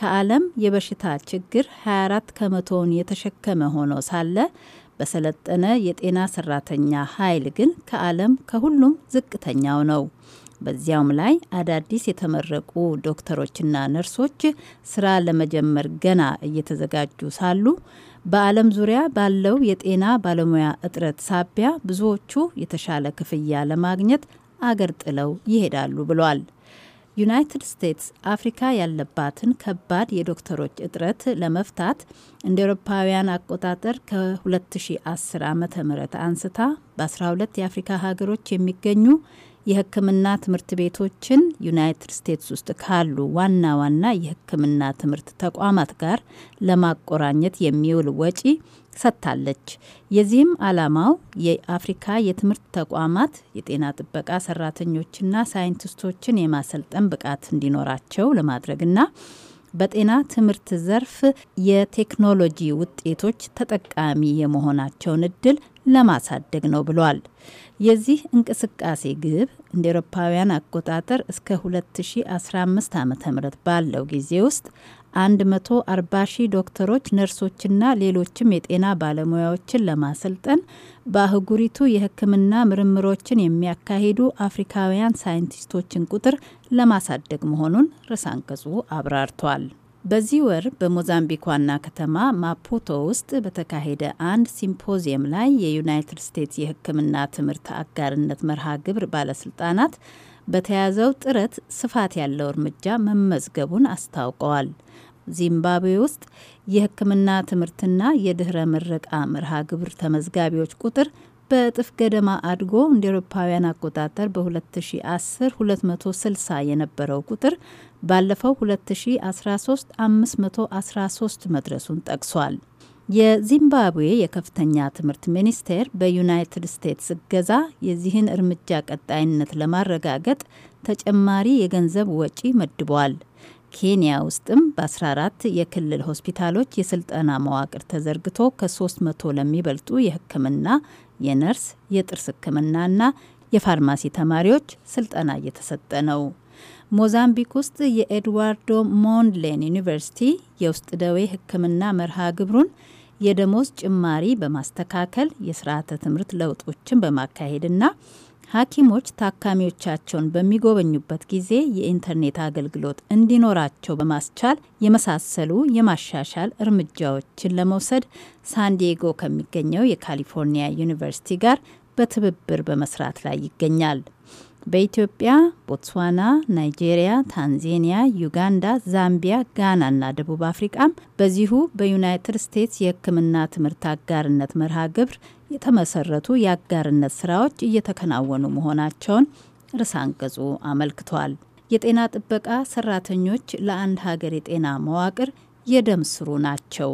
ከዓለም የበሽታ ችግር 24 ከመቶውን የተሸከመ ሆኖ ሳለ በሰለጠነ የጤና ሰራተኛ ኃይል ግን ከዓለም ከሁሉም ዝቅተኛው ነው። በዚያውም ላይ አዳዲስ የተመረቁ ዶክተሮችና ነርሶች ስራ ለመጀመር ገና እየተዘጋጁ ሳሉ በዓለም ዙሪያ ባለው የጤና ባለሙያ እጥረት ሳቢያ ብዙዎቹ የተሻለ ክፍያ ለማግኘት አገር ጥለው ይሄዳሉ ብሏል። ዩናይትድ ስቴትስ አፍሪካ ያለባትን ከባድ የዶክተሮች እጥረት ለመፍታት እንደ ኤሮፓውያን አቆጣጠር ከ2010 ዓ ም አንስታ በ12 የአፍሪካ ሀገሮች የሚገኙ የሕክምና ትምህርት ቤቶችን ዩናይትድ ስቴትስ ውስጥ ካሉ ዋና ዋና የሕክምና ትምህርት ተቋማት ጋር ለማቆራኘት የሚውል ወጪ ሰጥታለች። የዚህም ዓላማው የአፍሪካ የትምህርት ተቋማት የጤና ጥበቃ ሰራተኞችና ሳይንቲስቶችን የማሰልጠን ብቃት እንዲኖራቸው ለማድረግና በጤና ትምህርት ዘርፍ የቴክኖሎጂ ውጤቶች ተጠቃሚ የመሆናቸውን እድል ለማሳደግ ነው ብሏል። የዚህ እንቅስቃሴ ግብ እንደ ኤሮፓውያን አቆጣጠር እስከ 2015 ዓ ም ባለው ጊዜ ውስጥ 140 ሺህ ዶክተሮች፣ ነርሶችና ሌሎችም የጤና ባለሙያዎችን ለማሰልጠን በአህጉሪቱ የሕክምና ምርምሮችን የሚያካሂዱ አፍሪካውያን ሳይንቲስቶችን ቁጥር ለማሳደግ መሆኑን ርዕሰ አንቀጹ አብራርቷል። በዚህ ወር በሞዛምቢክ ዋና ከተማ ማፑቶ ውስጥ በተካሄደ አንድ ሲምፖዚየም ላይ የዩናይትድ ስቴትስ የሕክምና ትምህርት አጋርነት መርሃ ግብር ባለስልጣናት በተያዘው ጥረት ስፋት ያለው እርምጃ መመዝገቡን አስታውቀዋል። ዚምባብዌ ውስጥ የሕክምና ትምህርትና የድኅረ ምረቃ መርሃ ግብር ተመዝጋቢዎች ቁጥር በእጥፍ ገደማ አድጎ እንደ ኤሮፓውያን አቆጣጠር በ2010 260 የነበረው ቁጥር ባለፈው 2013 513 መድረሱን ጠቅሷል። የዚምባብዌ የከፍተኛ ትምህርት ሚኒስቴር በዩናይትድ ስቴትስ እገዛ የዚህን እርምጃ ቀጣይነት ለማረጋገጥ ተጨማሪ የገንዘብ ወጪ መድቧል። ኬንያ ውስጥም በ14 የክልል ሆስፒታሎች የስልጠና መዋቅር ተዘርግቶ ከ300 ለሚበልጡ የሕክምና፣ የነርስ፣ የጥርስ ሕክምናና የፋርማሲ ተማሪዎች ስልጠና እየተሰጠ ነው። ሞዛምቢክ ውስጥ የኤድዋርዶ ሞንድሌን ዩኒቨርሲቲ የውስጥ ደዌ ሕክምና መርሃ ግብሩን የደሞዝ ጭማሪ በማስተካከል የስርዓተ ትምህርት ለውጦችን በማካሄድና ሐኪሞች ታካሚዎቻቸውን በሚጎበኙበት ጊዜ የኢንተርኔት አገልግሎት እንዲኖራቸው በማስቻል የመሳሰሉ የማሻሻል እርምጃዎችን ለመውሰድ ሳንዲጎ ከሚገኘው የካሊፎርኒያ ዩኒቨርሲቲ ጋር በትብብር በመስራት ላይ ይገኛል። በኢትዮጵያ፣ ቦትስዋና፣ ናይጄሪያ፣ ታንዜኒያ፣ ዩጋንዳ፣ ዛምቢያ፣ ጋና ና ደቡብ አፍሪቃም በዚሁ በዩናይትድ ስቴትስ የሕክምና ትምህርት አጋርነት መርሃ ግብር የተመሰረቱ የአጋርነት ስራዎች እየተከናወኑ መሆናቸውን ርዕሰ አንቀጹ አመልክቷል። የጤና ጥበቃ ሰራተኞች ለአንድ ሀገር የጤና መዋቅር የደም ስሩ ናቸው።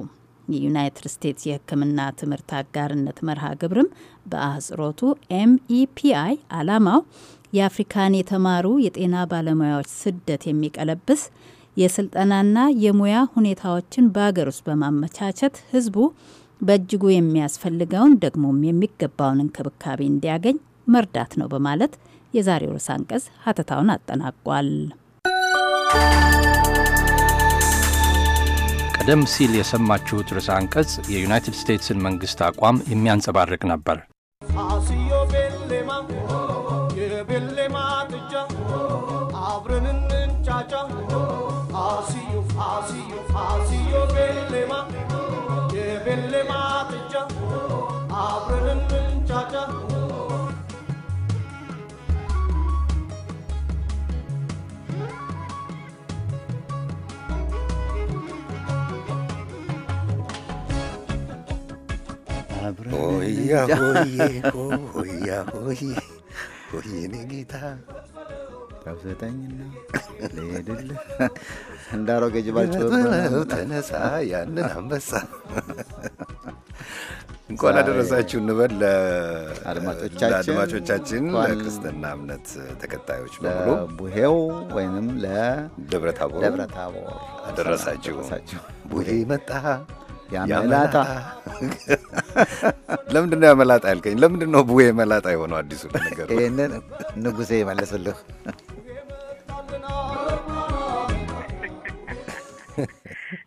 የዩናይትድ ስቴትስ የህክምና ትምህርት አጋርነት መርሃ ግብርም በአህጽሮቱ ኤምኢፒአይ ዓላማው የአፍሪካን የተማሩ የጤና ባለሙያዎች ስደት የሚቀለብስ የስልጠናና የሙያ ሁኔታዎችን በሀገር ውስጥ በማመቻቸት ህዝቡ በእጅጉ የሚያስፈልገውን ደግሞም የሚገባውን እንክብካቤ እንዲያገኝ መርዳት ነው በማለት የዛሬው ርዕሰ አንቀጽ ሀተታውን አጠናቋል። ቀደም ሲል የሰማችሁት ርዕሰ አንቀጽ የዩናይትድ ስቴትስን መንግስት አቋም የሚያንጸባርቅ ነበር። አብረን ሆያ ሆያ ሆዬ ሆዬ እኔ ጌታ ጋብዘጠኝና ልሄድልህ እንዳሮገ ተነሳ ያንን አንበሳ እንኳን አደረሳችሁ እንበል ለአድማጮቻችን፣ ለክርስትና እምነት ተከታዮች በሙሉ ቡሄው ወይንም ለደብረ አደረሳችሁ። ቡሄ መጣ ያመላጣ ለምንድን ነው ያመላጣ ያልከኝ? ለምንድን ነው ቡዌ መላጣ የሆነው? አዲሱ ነገር ይህንን ንጉሴ ይመለስልህ።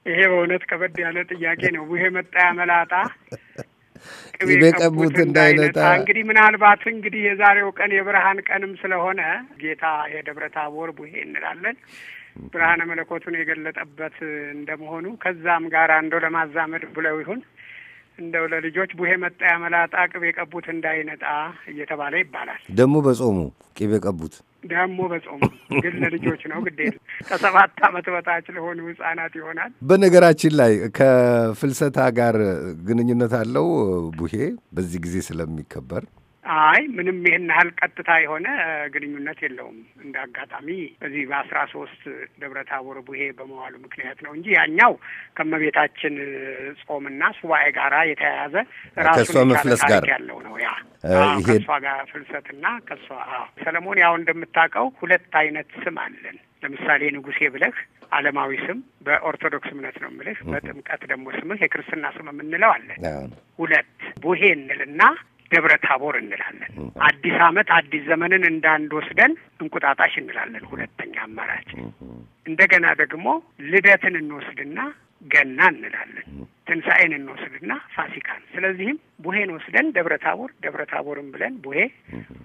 ይሄ በእውነት ከበድ ያለ ጥያቄ ነው። ቡሄ መጣ ያመላጣ ቅቤ ቀቡት እንዳይነጣ። እንግዲህ ምናልባት እንግዲህ የዛሬው ቀን የብርሃን ቀንም ስለሆነ ጌታ የደብረ ታቦር ቡሄ እንላለን። ብርሃነ መለኮቱን የገለጠበት እንደመሆኑ ከዛም ጋር እንደው ለማዛመድ ብለው ይሁን እንደው ለልጆች ቡሄ መጣያ መላጣ ቅቤ ቀቡት እንዳይነጣ እየተባለ ይባላል። ደግሞ በጾሙ ቅቤ ቀቡት ደግሞ በጾሙ ግን ለልጆች ነው ግዴታ ከሰባት ዓመት በታች ለሆኑ ህጻናት ይሆናል። በነገራችን ላይ ከፍልሰታ ጋር ግንኙነት አለው ቡሄ በዚህ ጊዜ ስለሚከበር አይ ምንም ይህን ያህል ቀጥታ የሆነ ግንኙነት የለውም። እንደ አጋጣሚ በዚህ በአስራ ሶስት ደብረ ታቦር ቡሄ በመዋሉ ምክንያት ነው እንጂ ያኛው ከመቤታችን ጾምና ሱባኤ ጋራ የተያያዘ ራሱ መፍለስ ጋር ያለው ነው። ያ ከእሷ ጋር ፍልሰትና ከእሷ ሰለሞን፣ ያው እንደምታውቀው ሁለት አይነት ስም አለን። ለምሳሌ ንጉሴ ብለህ ዓለማዊ ስም በኦርቶዶክስ እምነት ነው የምልህ። በጥምቀት ደግሞ ስምህ የክርስትና ስም የምንለው አለን። ሁለት ቡሄ እንልና ደብረ ታቦር እንላለን። አዲስ ዓመት አዲስ ዘመንን እንዳንድ ወስደን እንቁጣጣሽ እንላለን። ሁለተኛ አማራጭ እንደገና ደግሞ ልደትን እንወስድና ገና እንላለን። ትንሣኤን እንወስድና ፋሲካን። ስለዚህም ቡሄን ወስደን ደብረ ታቦር፣ ደብረ ታቦርን ብለን ቡሄ፣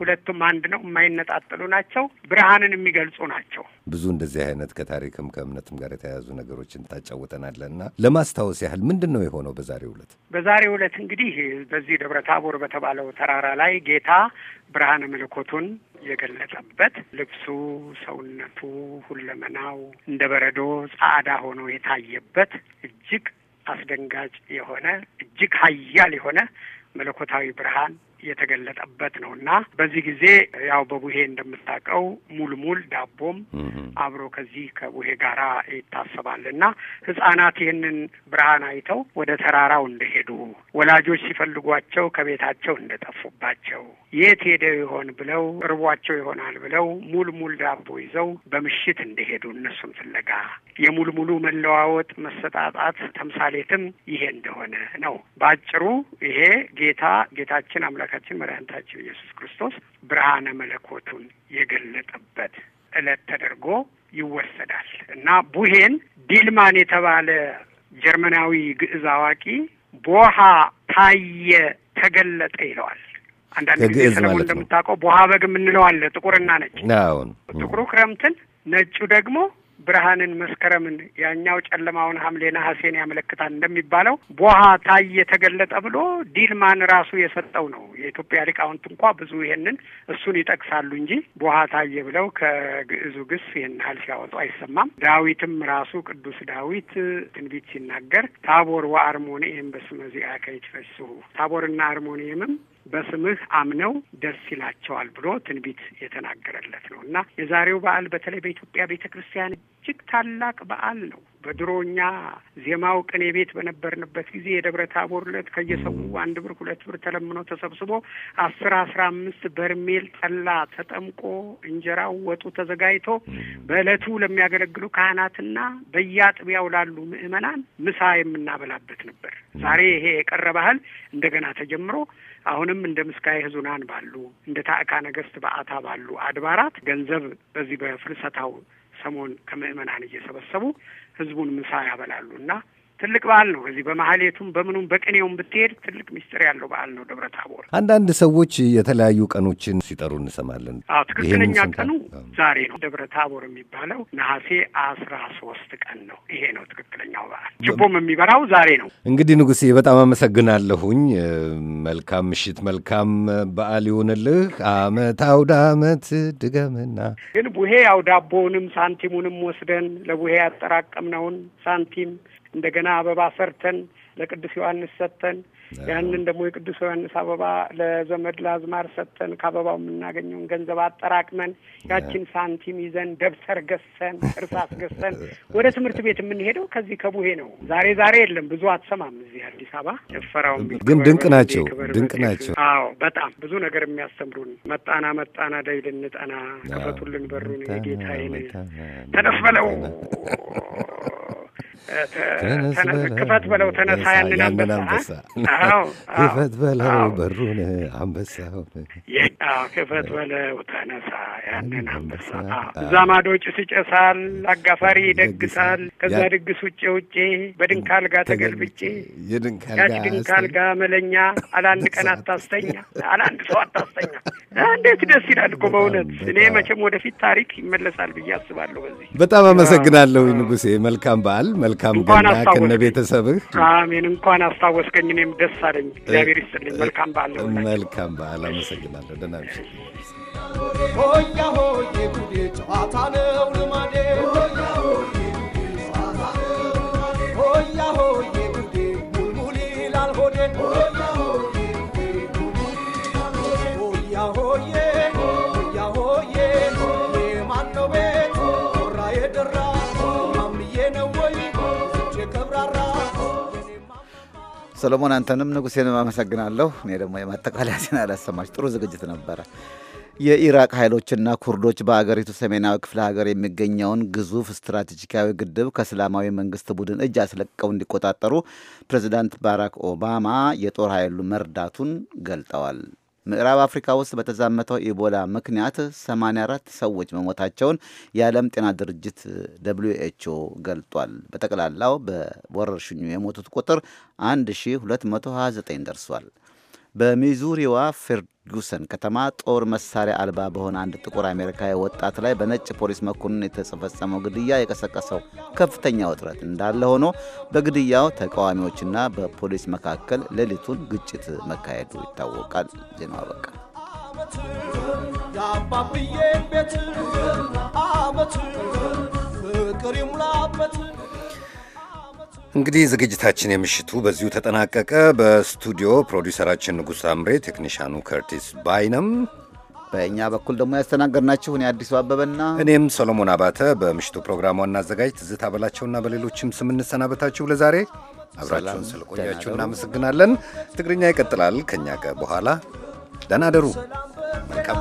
ሁለቱም አንድ ነው፣ የማይነጣጠሉ ናቸው፣ ብርሃንን የሚገልጹ ናቸው። ብዙ እንደዚህ አይነት ከታሪክም ከእምነትም ጋር የተያያዙ ነገሮችን ታጫወተናለና ለማስታወስ ያህል ምንድን ነው የሆነው በዛሬው ዕለት? በዛሬው ዕለት እንግዲህ በዚህ ደብረ ታቦር በተባለው ተራራ ላይ ጌታ ብርሃነ መለኮቱን የገለጸበት ልብሱ፣ ሰውነቱ፣ ሁለመናው እንደ በረዶ ጻዕዳ ሆኖ የታየበት እጅግ አስደንጋጭ የሆነ እጅግ ኃያል የሆነ መለኮታዊ ብርሃን የተገለጠበት ነው እና በዚህ ጊዜ ያው በቡሄ እንደምታውቀው ሙል ዳቦም አብሮ ከዚህ ከቡሄ ጋራ ይታሰባል እና ህጻናት ይህንን ብርሃን አይተው ወደ ተራራው እንደሄዱ ወላጆች ሲፈልጓቸው ከቤታቸው እንደጠፉባቸው የት ሄደው ይሆን ብለው እርቧቸው ይሆናል ብለው ሙል ሙል ዳቦ ይዘው በምሽት እንደሄዱ እነሱም ፍለጋ የሙልሙሉ መለዋወጥ መሰጣጣት ተምሳሌትም ይሄ እንደሆነ ነው። በአጭሩ ይሄ ጌታ ጌታችን አምላክ አምላካችን መድኃኒታችን ኢየሱስ ክርስቶስ ብርሃነ መለኮቱን የገለጠበት ዕለት ተደርጎ ይወሰዳል እና ቡሄን ዲልማን የተባለ ጀርመናዊ ግዕዝ አዋቂ ቦሃ ታየ ተገለጠ ይለዋል። አንዳንድ ጊዜ ሰለሞን እንደምታውቀው ቦሃ በግ የምንለው አለ፣ ጥቁርና ነጭ። ጥቁሩ ክረምትን፣ ነጩ ደግሞ ብርሃንን መስከረምን፣ ያኛው ጨለማውን ሐምሌ ነሐሴን ያመለክታል እንደሚባለው ቦሃ ታየ ተገለጠ ብሎ ዲልማን ራሱ የሰጠው ነው። የኢትዮጵያ ሊቃውንት እንኳ ብዙ ይሄንን እሱን ይጠቅሳሉ እንጂ ቦሃ ታየ ብለው ከግዕዙ ግስ ይህን ያህል ሲያወጡ አይሰማም። ዳዊትም ራሱ ቅዱስ ዳዊት ትንቢት ሲናገር ታቦር ወአርሞንኤም በስመ ዚአከ ይትፈስሑ ታቦርና አርሞኒየምም በስምህ አምነው ደስ ይላቸዋል ብሎ ትንቢት የተናገረለት ነው እና የዛሬው በዓል በተለይ በኢትዮጵያ ቤተ ክርስቲያን እጅግ ታላቅ በዓል ነው። በድሮኛ ዜማው ቅኔ ቤት በነበርንበት ጊዜ የደብረ ታቦር ዕለት ከየሰው አንድ ብር ሁለት ብር ተለምኖ ተሰብስቦ አስር አስራ አምስት በርሜል ጠላ ተጠምቆ እንጀራው ወጡ ተዘጋጅቶ በዕለቱ ለሚያገለግሉ ካህናትና በየአጥቢያው ላሉ ምዕመናን ምሳ የምናበላበት ነበር። ዛሬ ይሄ የቀረ ባህል እንደገና ተጀምሮ አሁንም እንደ ምስካዬ ሕዙናን ባሉ እንደ ታዕካ ነገሥት በዓታ ባሉ አድባራት ገንዘብ በዚህ በፍልሰታው ሰሞን ከምዕመናን እየሰበሰቡ ህዝቡን ምሳ ያበላሉ እና ትልቅ በዓል ነው። እዚህ በመሀሌቱም በምኑም በቅኔውም ብትሄድ ትልቅ ምስጢር ያለው በዓል ነው ደብረ ታቦር። አንዳንድ ሰዎች የተለያዩ ቀኖችን ሲጠሩ እንሰማለን። አዎ ትክክለኛ ቀኑ ዛሬ ነው። ደብረ ታቦር የሚባለው ነሐሴ አስራ ሶስት ቀን ነው። ይሄ ነው ትክክለኛው በዓል። ችቦም የሚበራው ዛሬ ነው። እንግዲህ ንጉሴ በጣም አመሰግናለሁኝ። መልካም ምሽት፣ መልካም በዓል ይሆንልህ። አመት አውደ አመት ድገምና ግን ቡሄ ያው ዳቦውንም ሳንቲሙንም ወስደን ለቡሄ ያጠራቀምነውን ሳንቲም እንደገና አበባ ሰርተን ለቅዱስ ዮሐንስ ሰጥተን ያንን ደግሞ የቅዱስ ዮሐንስ አበባ ለዘመድ ለአዝማር ሰጥተን ከአበባው የምናገኘውን ገንዘብ አጠራቅመን ያችን ሳንቲም ይዘን ደብተር ገሰን እርሳስ ገሰን ወደ ትምህርት ቤት የምንሄደው ከዚህ ከቡሄ ነው። ዛሬ ዛሬ የለም ብዙ አትሰማም እዚህ አዲስ አበባ። ጭፈራውን ግን ድንቅ ናቸው፣ ድንቅ ናቸው። አዎ በጣም ብዙ ነገር የሚያስተምሩን መጣና መጣና ደይ ልንጠና ከፈቱልን በሩን የጌታዬን ተነፈለው ክፈት በለው ተነሳ ያንን አንበሳ ክፈት በለው በሩን አንበሳው ክፈት በለው ተነሳ ያንን አንበሳ እዛ ማዶ ጭስ ይጨሳል፣ አጋፋሪ ይደግሳል። ከዛ ድግስ ውጭ ውጭ በድንክ አልጋ ተገልብጬ ያች አልጋ መለኛ አላንድ ቀን አታስተኛ አላንድ ሰው አታስተኛ። እንዴት ደስ ይላል እኮ በእውነት እኔ መቼም ወደፊት ታሪክ ይመለሳል ብዬ አስባለሁ። በዚህ በጣም አመሰግናለሁ ንጉሴ። መልካም በዓል፣ መልካም ገና ከነ ቤተሰብህ። አሜን። እንኳን አስታወስከኝ እኔም ደስ ደስ አለኝ። እግዚአብሔር ይስጥልኝ። መልካም በዓል ነው። መልካም በዓል። አመሰግናለሁ። ደህና ሆዬ ሆዬ ጉዴ ጨዋታ ነው ልማዴ ሰለሞን አንተንም ንጉሴንም አመሰግናለሁ። እኔ ደግሞ የማጠቃለያ ዜና አላሰማች። ጥሩ ዝግጅት ነበረ። የኢራቅ ኃይሎችና ኩርዶች በአገሪቱ ሰሜናዊ ክፍለ ሀገር የሚገኘውን ግዙፍ ስትራቴጂካዊ ግድብ ከእስላማዊ መንግስት ቡድን እጅ አስለቅቀው እንዲቆጣጠሩ ፕሬዚዳንት ባራክ ኦባማ የጦር ኃይሉ መርዳቱን ገልጠዋል። ምዕራብ አፍሪካ ውስጥ በተዛመተው ኢቦላ ምክንያት 84 ሰዎች መሞታቸውን የዓለም ጤና ድርጅት ደብሊዩ ኤችኦ ገልጧል። በጠቅላላው በወረርሽኙ የሞቱት ቁጥር 1229 ደርሷል። በሚዙሪዋ ፌርድ ጉሰን ከተማ ጦር መሳሪያ አልባ በሆነ አንድ ጥቁር አሜሪካዊ ወጣት ላይ በነጭ ፖሊስ መኮንን የተፈጸመው ግድያ የቀሰቀሰው ከፍተኛ ውጥረት እንዳለ ሆኖ በግድያው ተቃዋሚዎችና በፖሊስ መካከል ሌሊቱን ግጭት መካሄዱ ይታወቃል። ዜናው አበቃ። ቤት አመት ፍቅር ይሙላበት። እንግዲህ ዝግጅታችን የምሽቱ በዚሁ ተጠናቀቀ። በስቱዲዮ ፕሮዲውሰራችን ንጉሥ አምሬ፣ ቴክኒሻኑ ከርቲስ ባይነም፣ በእኛ በኩል ደግሞ ያስተናገድናችሁ እኔ አዲሱ አበበና እኔም ሰሎሞን አባተ፣ በምሽቱ ፕሮግራም ዋና አዘጋጅ ትዝታ በላቸውና በሌሎችም ስም እንሰናበታችሁ። ለዛሬ አብራችሁን ስለቆያችሁ እናመሰግናለን። ትግርኛ ይቀጥላል ከእኛ ጋር በኋላ ደህና ደሩ። መልካም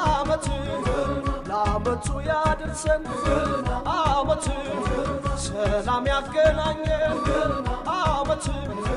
አመቱ ያድርሰን አመቱ ሰላም ያገናኘን አመት